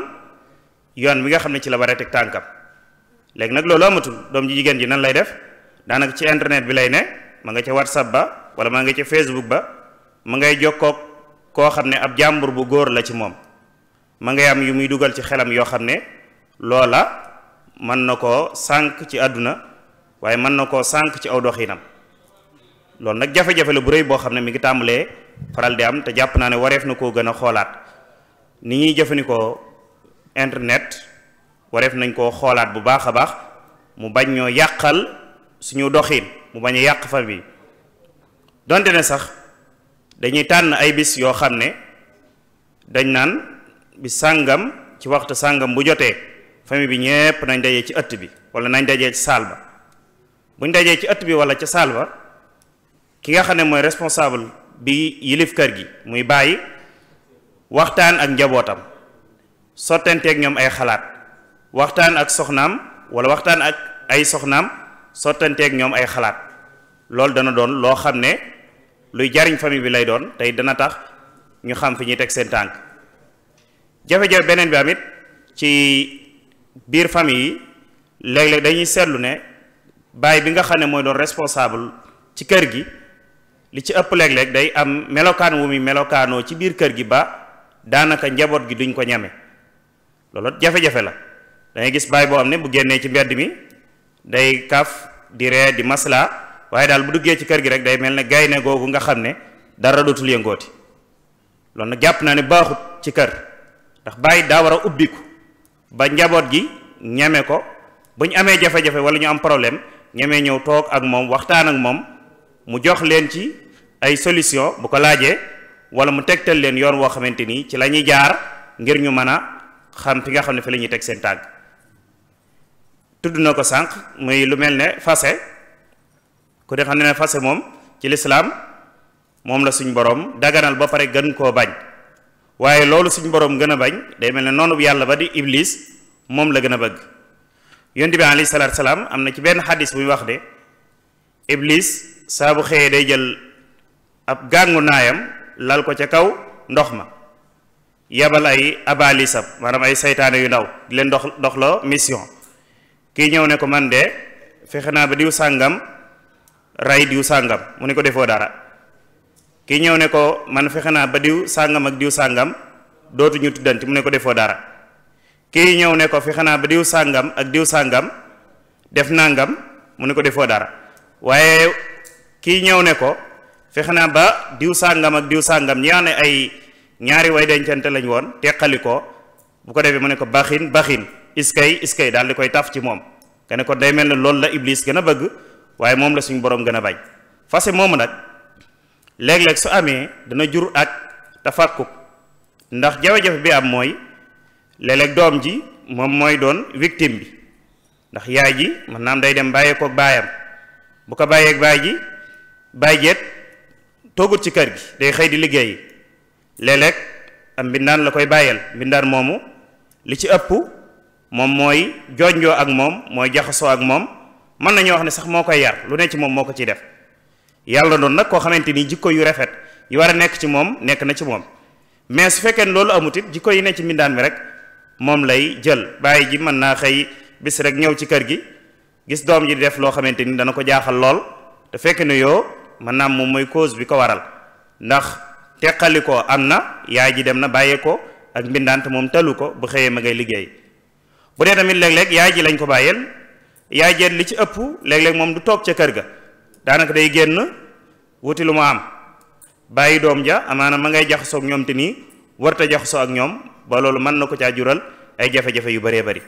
yoon bi nga xam ne ci la war a teg tànkam léegi nag loolu amatul doom ji jigéen ji nan lay def daanaka ci internet bi lay ne ma nga ca whatsapp ba wala ma nga ca facebook ba ma ngay jox kook koo xam ne ab jàmbur bu góor la ci moom ma ngay am yu muy dugal ci xelam yoo xam ne loola mën na ko sànq ci àdduna waaye mën na koo sànq ci aw doxinam loolu nag jafe-jafe la bu rëy boo xam ne mi ngi tàmbalee faral di am te jàpp naa ne wareef na koo gën a xoolaat ni jëfandikoo internet wareef nañ koo xoolaat bu baax a baax mu bañ ñoo yàqal suñu doxin mu bañ a yàq famille donte ne sax dañuy tànn ay bis yoo xam ne dañ naan bi sàngam ci waxtu sàngam bu jotee famille bi ñépp nañ dajee ci ëtt bi wala nañ dajee ci buñ dajee ci ëtt bi wala ca saal ba ki nga xam ne mooy responsable bi yilif kër gi muy bàyyi waxtaan ak njabootam sottanteeg ñoom ay xalaat waxtaan ak soxnaam wala waxtaan ak ay soxnaam sottanteeg ñoom ay xalaat loolu dana doon loo xam ne luy jariñ famille bi lay doon tey dana tax ñu xam fi ñuy teg seen tànk jafe beneen bi amit ci biir famille yi léeg-léeg dañuy seetlu ne baay bi nga xam ne mooy doon responsable ci kër gi li ci ëpp léeg-léeg day am melokaan wu muy melokaanoo ci biir kër gi ba daanaka njaboot gi duñ ko ñame looloo jafe-jafe la da gis baay boo xam ne bu génnee ci mbedd mi day kaf di ree di masla waaye daal bu duggee ci kër gi rek day mel ne gaynde googu nga xam ne dara dootul yëngooti lool nag jàpp naa ne baaxut ci kër ndax bàyyi daa war a ubbiku ba njaboot gi ñeme ko bu ñu amee jafe-jafe wala ñu am problème ñeme ñëw toog ak moom waxtaan ak moom mu jox leen ci ay solution bu ko laajee wala mu tegtal leen yoon woo xamante ni ci la ñuy jaar ngir ñu mën a xam fi nga xam ne fi la ñuy teg seen tàgg tudd na ko sànq muy lu mel ne fase ku ne xam ne ne fase moom ci lislaam moom la suñ boroom daganal ba pare gën koo bañ waaye loolu suñ borom gën a bañ day mel ne noonu yàlla ba di iblis moom la gën a bëgg yonent bi alayhi salaatu salaam am na ci benn xadis bu muy wax de iblis saa bu xëyee day jël ab gàngunaayam lal ko ca kaw ndox ma yabal ay abalisam maanaam ay saytaane yu ndaw di leen ndox doxloo mission kii ñëw ne ko man de fexe naa ba diw sàngam ray diw sàngam mu ne ko defoo dara kii ñëw ne ko man fexe naa ba diw sàngam ak diw sàngam dootuñu tuddanti mu ne ko defoo dara kii ñëw ne ko fexe naa ba diw sàngam ak diw sàngam def nangam mu ne ko defoo dara waaye kii ñëw ne ko fexe naa ba diw sàngam ak diw sàngam ñi ne ay ñaari way dencante lañ woon teqali ko bu ko defee mu ne ko baxin baxin iskay iskay daal di koy taf ci moom nga ne ko day mel ne loolu la iblis gën a bëgg waaye moom la suñu borom gën a bañ fase moomu nag léeg-léeg su amee dana jur ak tafakkuk ndax jafe-jafe bi am mooy léeg doom ji moom mooy doon victime bi ndax yaay ji mën naam day dem bàyyee ko baayam bu ko bàyyeeg baay ji baay jeet toogut ci kër gi day xëy di liggéey léeg-léeg am mbindaan la koy bàyyeel mbindaan moomu li ci ëpp moom mooy joonjoo ak moom mooy jaxasoo ak moom mën nañoo wax ne sax moo koy yar lu nekk ci moom moo ko ciy def yàlla doon nag koo xamante ni jikko yu rafet yu war a nekk ci moom nekk na ci moom mais su fekkee ne loolu amut it jikko yi nekk ci mbindaan bi rek moom lay jël bàyyi ji mën naa xëy bis rek ñëw ci kër gi gis doom ji def loo xamante ni dana ko jaaxal lool te fekk ne yoo maanaam moom mooy cause bi ko waral teqali ko am na yaay ji dem na bàyyi ko ak mbindante moom talu ko bu xëyee ma ngay liggéey bu dee tamit léeg-léeg yaay ji lañ ko bàyyeel yaay jeet li ci ëpp léeg moom du toog ca kër ga daanaka day génn wuti lu mu am bàyyi doom ja amaana ma ngay jaxasoo ak ñoom te nii warta jaxasoo ak ñoom ba loolu mën na ko caa jural ay jafe-jafe yu baree bari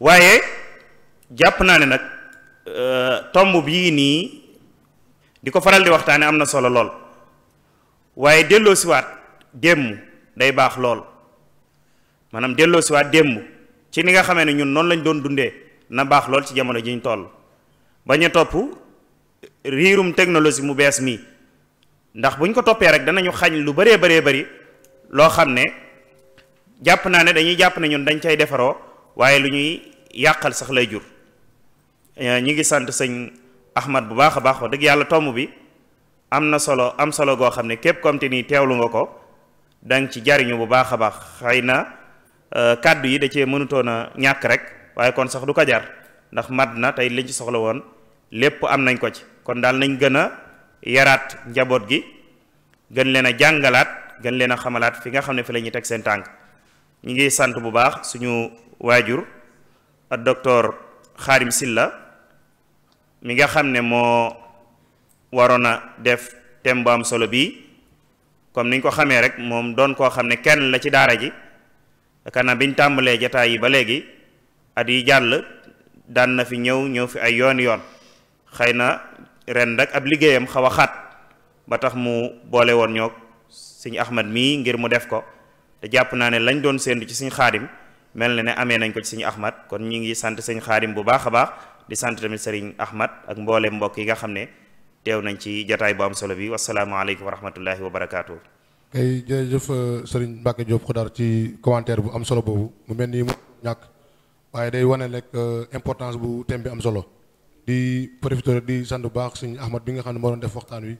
waaye jàpp naa ne nag euh, tomb bii nii di ko faral di waxtaane am na solo lool waaye delloo siwaat démb day baax lool maanaam delloo siwaat démb ci ni nga xamee ne ñun noonu lañ doon dundee na baax lool ci jamono ji ñu toll bañ a topp riirum technologie mu bees mii ndax buñ ko toppee rek danañu xañ lu bëree bëree bari loo xam ne jàpp naa ne dañuy jàpp ne ñun dañ cay defaroo waaye lu ñuy yàqal sax lay jur ñu ngi sant sëñ Ahmad bu baax a baax wax dëgg yàlla tomb bi am na solo am solo goo xam ne képp comme te nii teewlu nga ko dang ci jariñu bu baax a baax xëy na euh, kàddu yi da cee mënutoon a ñàkk rek waaye kon sax du ko jar ndax mat na tey liñ ci soxla woon lépp am nañ ko ci kon daal nañ gën a yaraat njaboot gi gën leen a jàngalaat gën leen xamalaat fi nga xam ne fi lañuy teg seen tànk ñu ngi sant bu baax suñu waajur ak docteur Xaarim Silla mi nga xam ne moo waroon a def thème bu am solo bii comme niñ ko xamee rek moom doon koo xam ne kenn la ci daara ji yaakaar naa biñ tàmbalee jataay yi ba léegi at yi jàll daan na fi ñëw ñëw fi ay yoon yoon xëy na ren rek ab liggéeyam xaw a xaat ba tax mu boole woon ñoo sëñ Ahmad mii ngir mu def ko te jàpp naa ne lañ doon séentu ci sëñ Xaadim mel na ne amee nañ ko ci sëñ Ahmad kon ñu ngi sant sëñ Xaadim bu baax a baax di sant tamit sëriñ Ahmad ak mboole mbokk yi nga xam ne teew nañ ci jataay bu am solo bi wasalaamaaleykum wa rahmatullahi wa barakaatu. kay jërëjëf euh, Serigne Mbacke Diop Xudar ci commentaire bu am solo boobu mu mel ni mu ñàkk waaye day wane rek euh, importance bu thème bi am solo di profité di sant bu baax Serigne Ahmad bi nga xam ne moo doon def waxtaan wi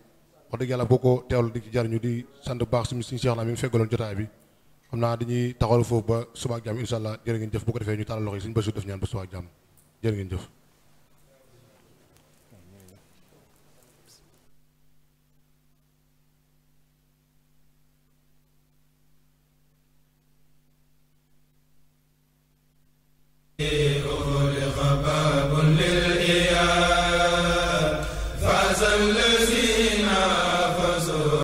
wax dëgg yàlla boo ko teewlu di ci jariñu di sant bu baax suñu Cheikh Lamine mi feggaloon jotaay bi xam naa dañuy taxawal foofu ba suba ak jàmm incha allah jërë ngeen defee ñu tàllal loxo yi suñu def ñaan ba suba ak jàmm للإياب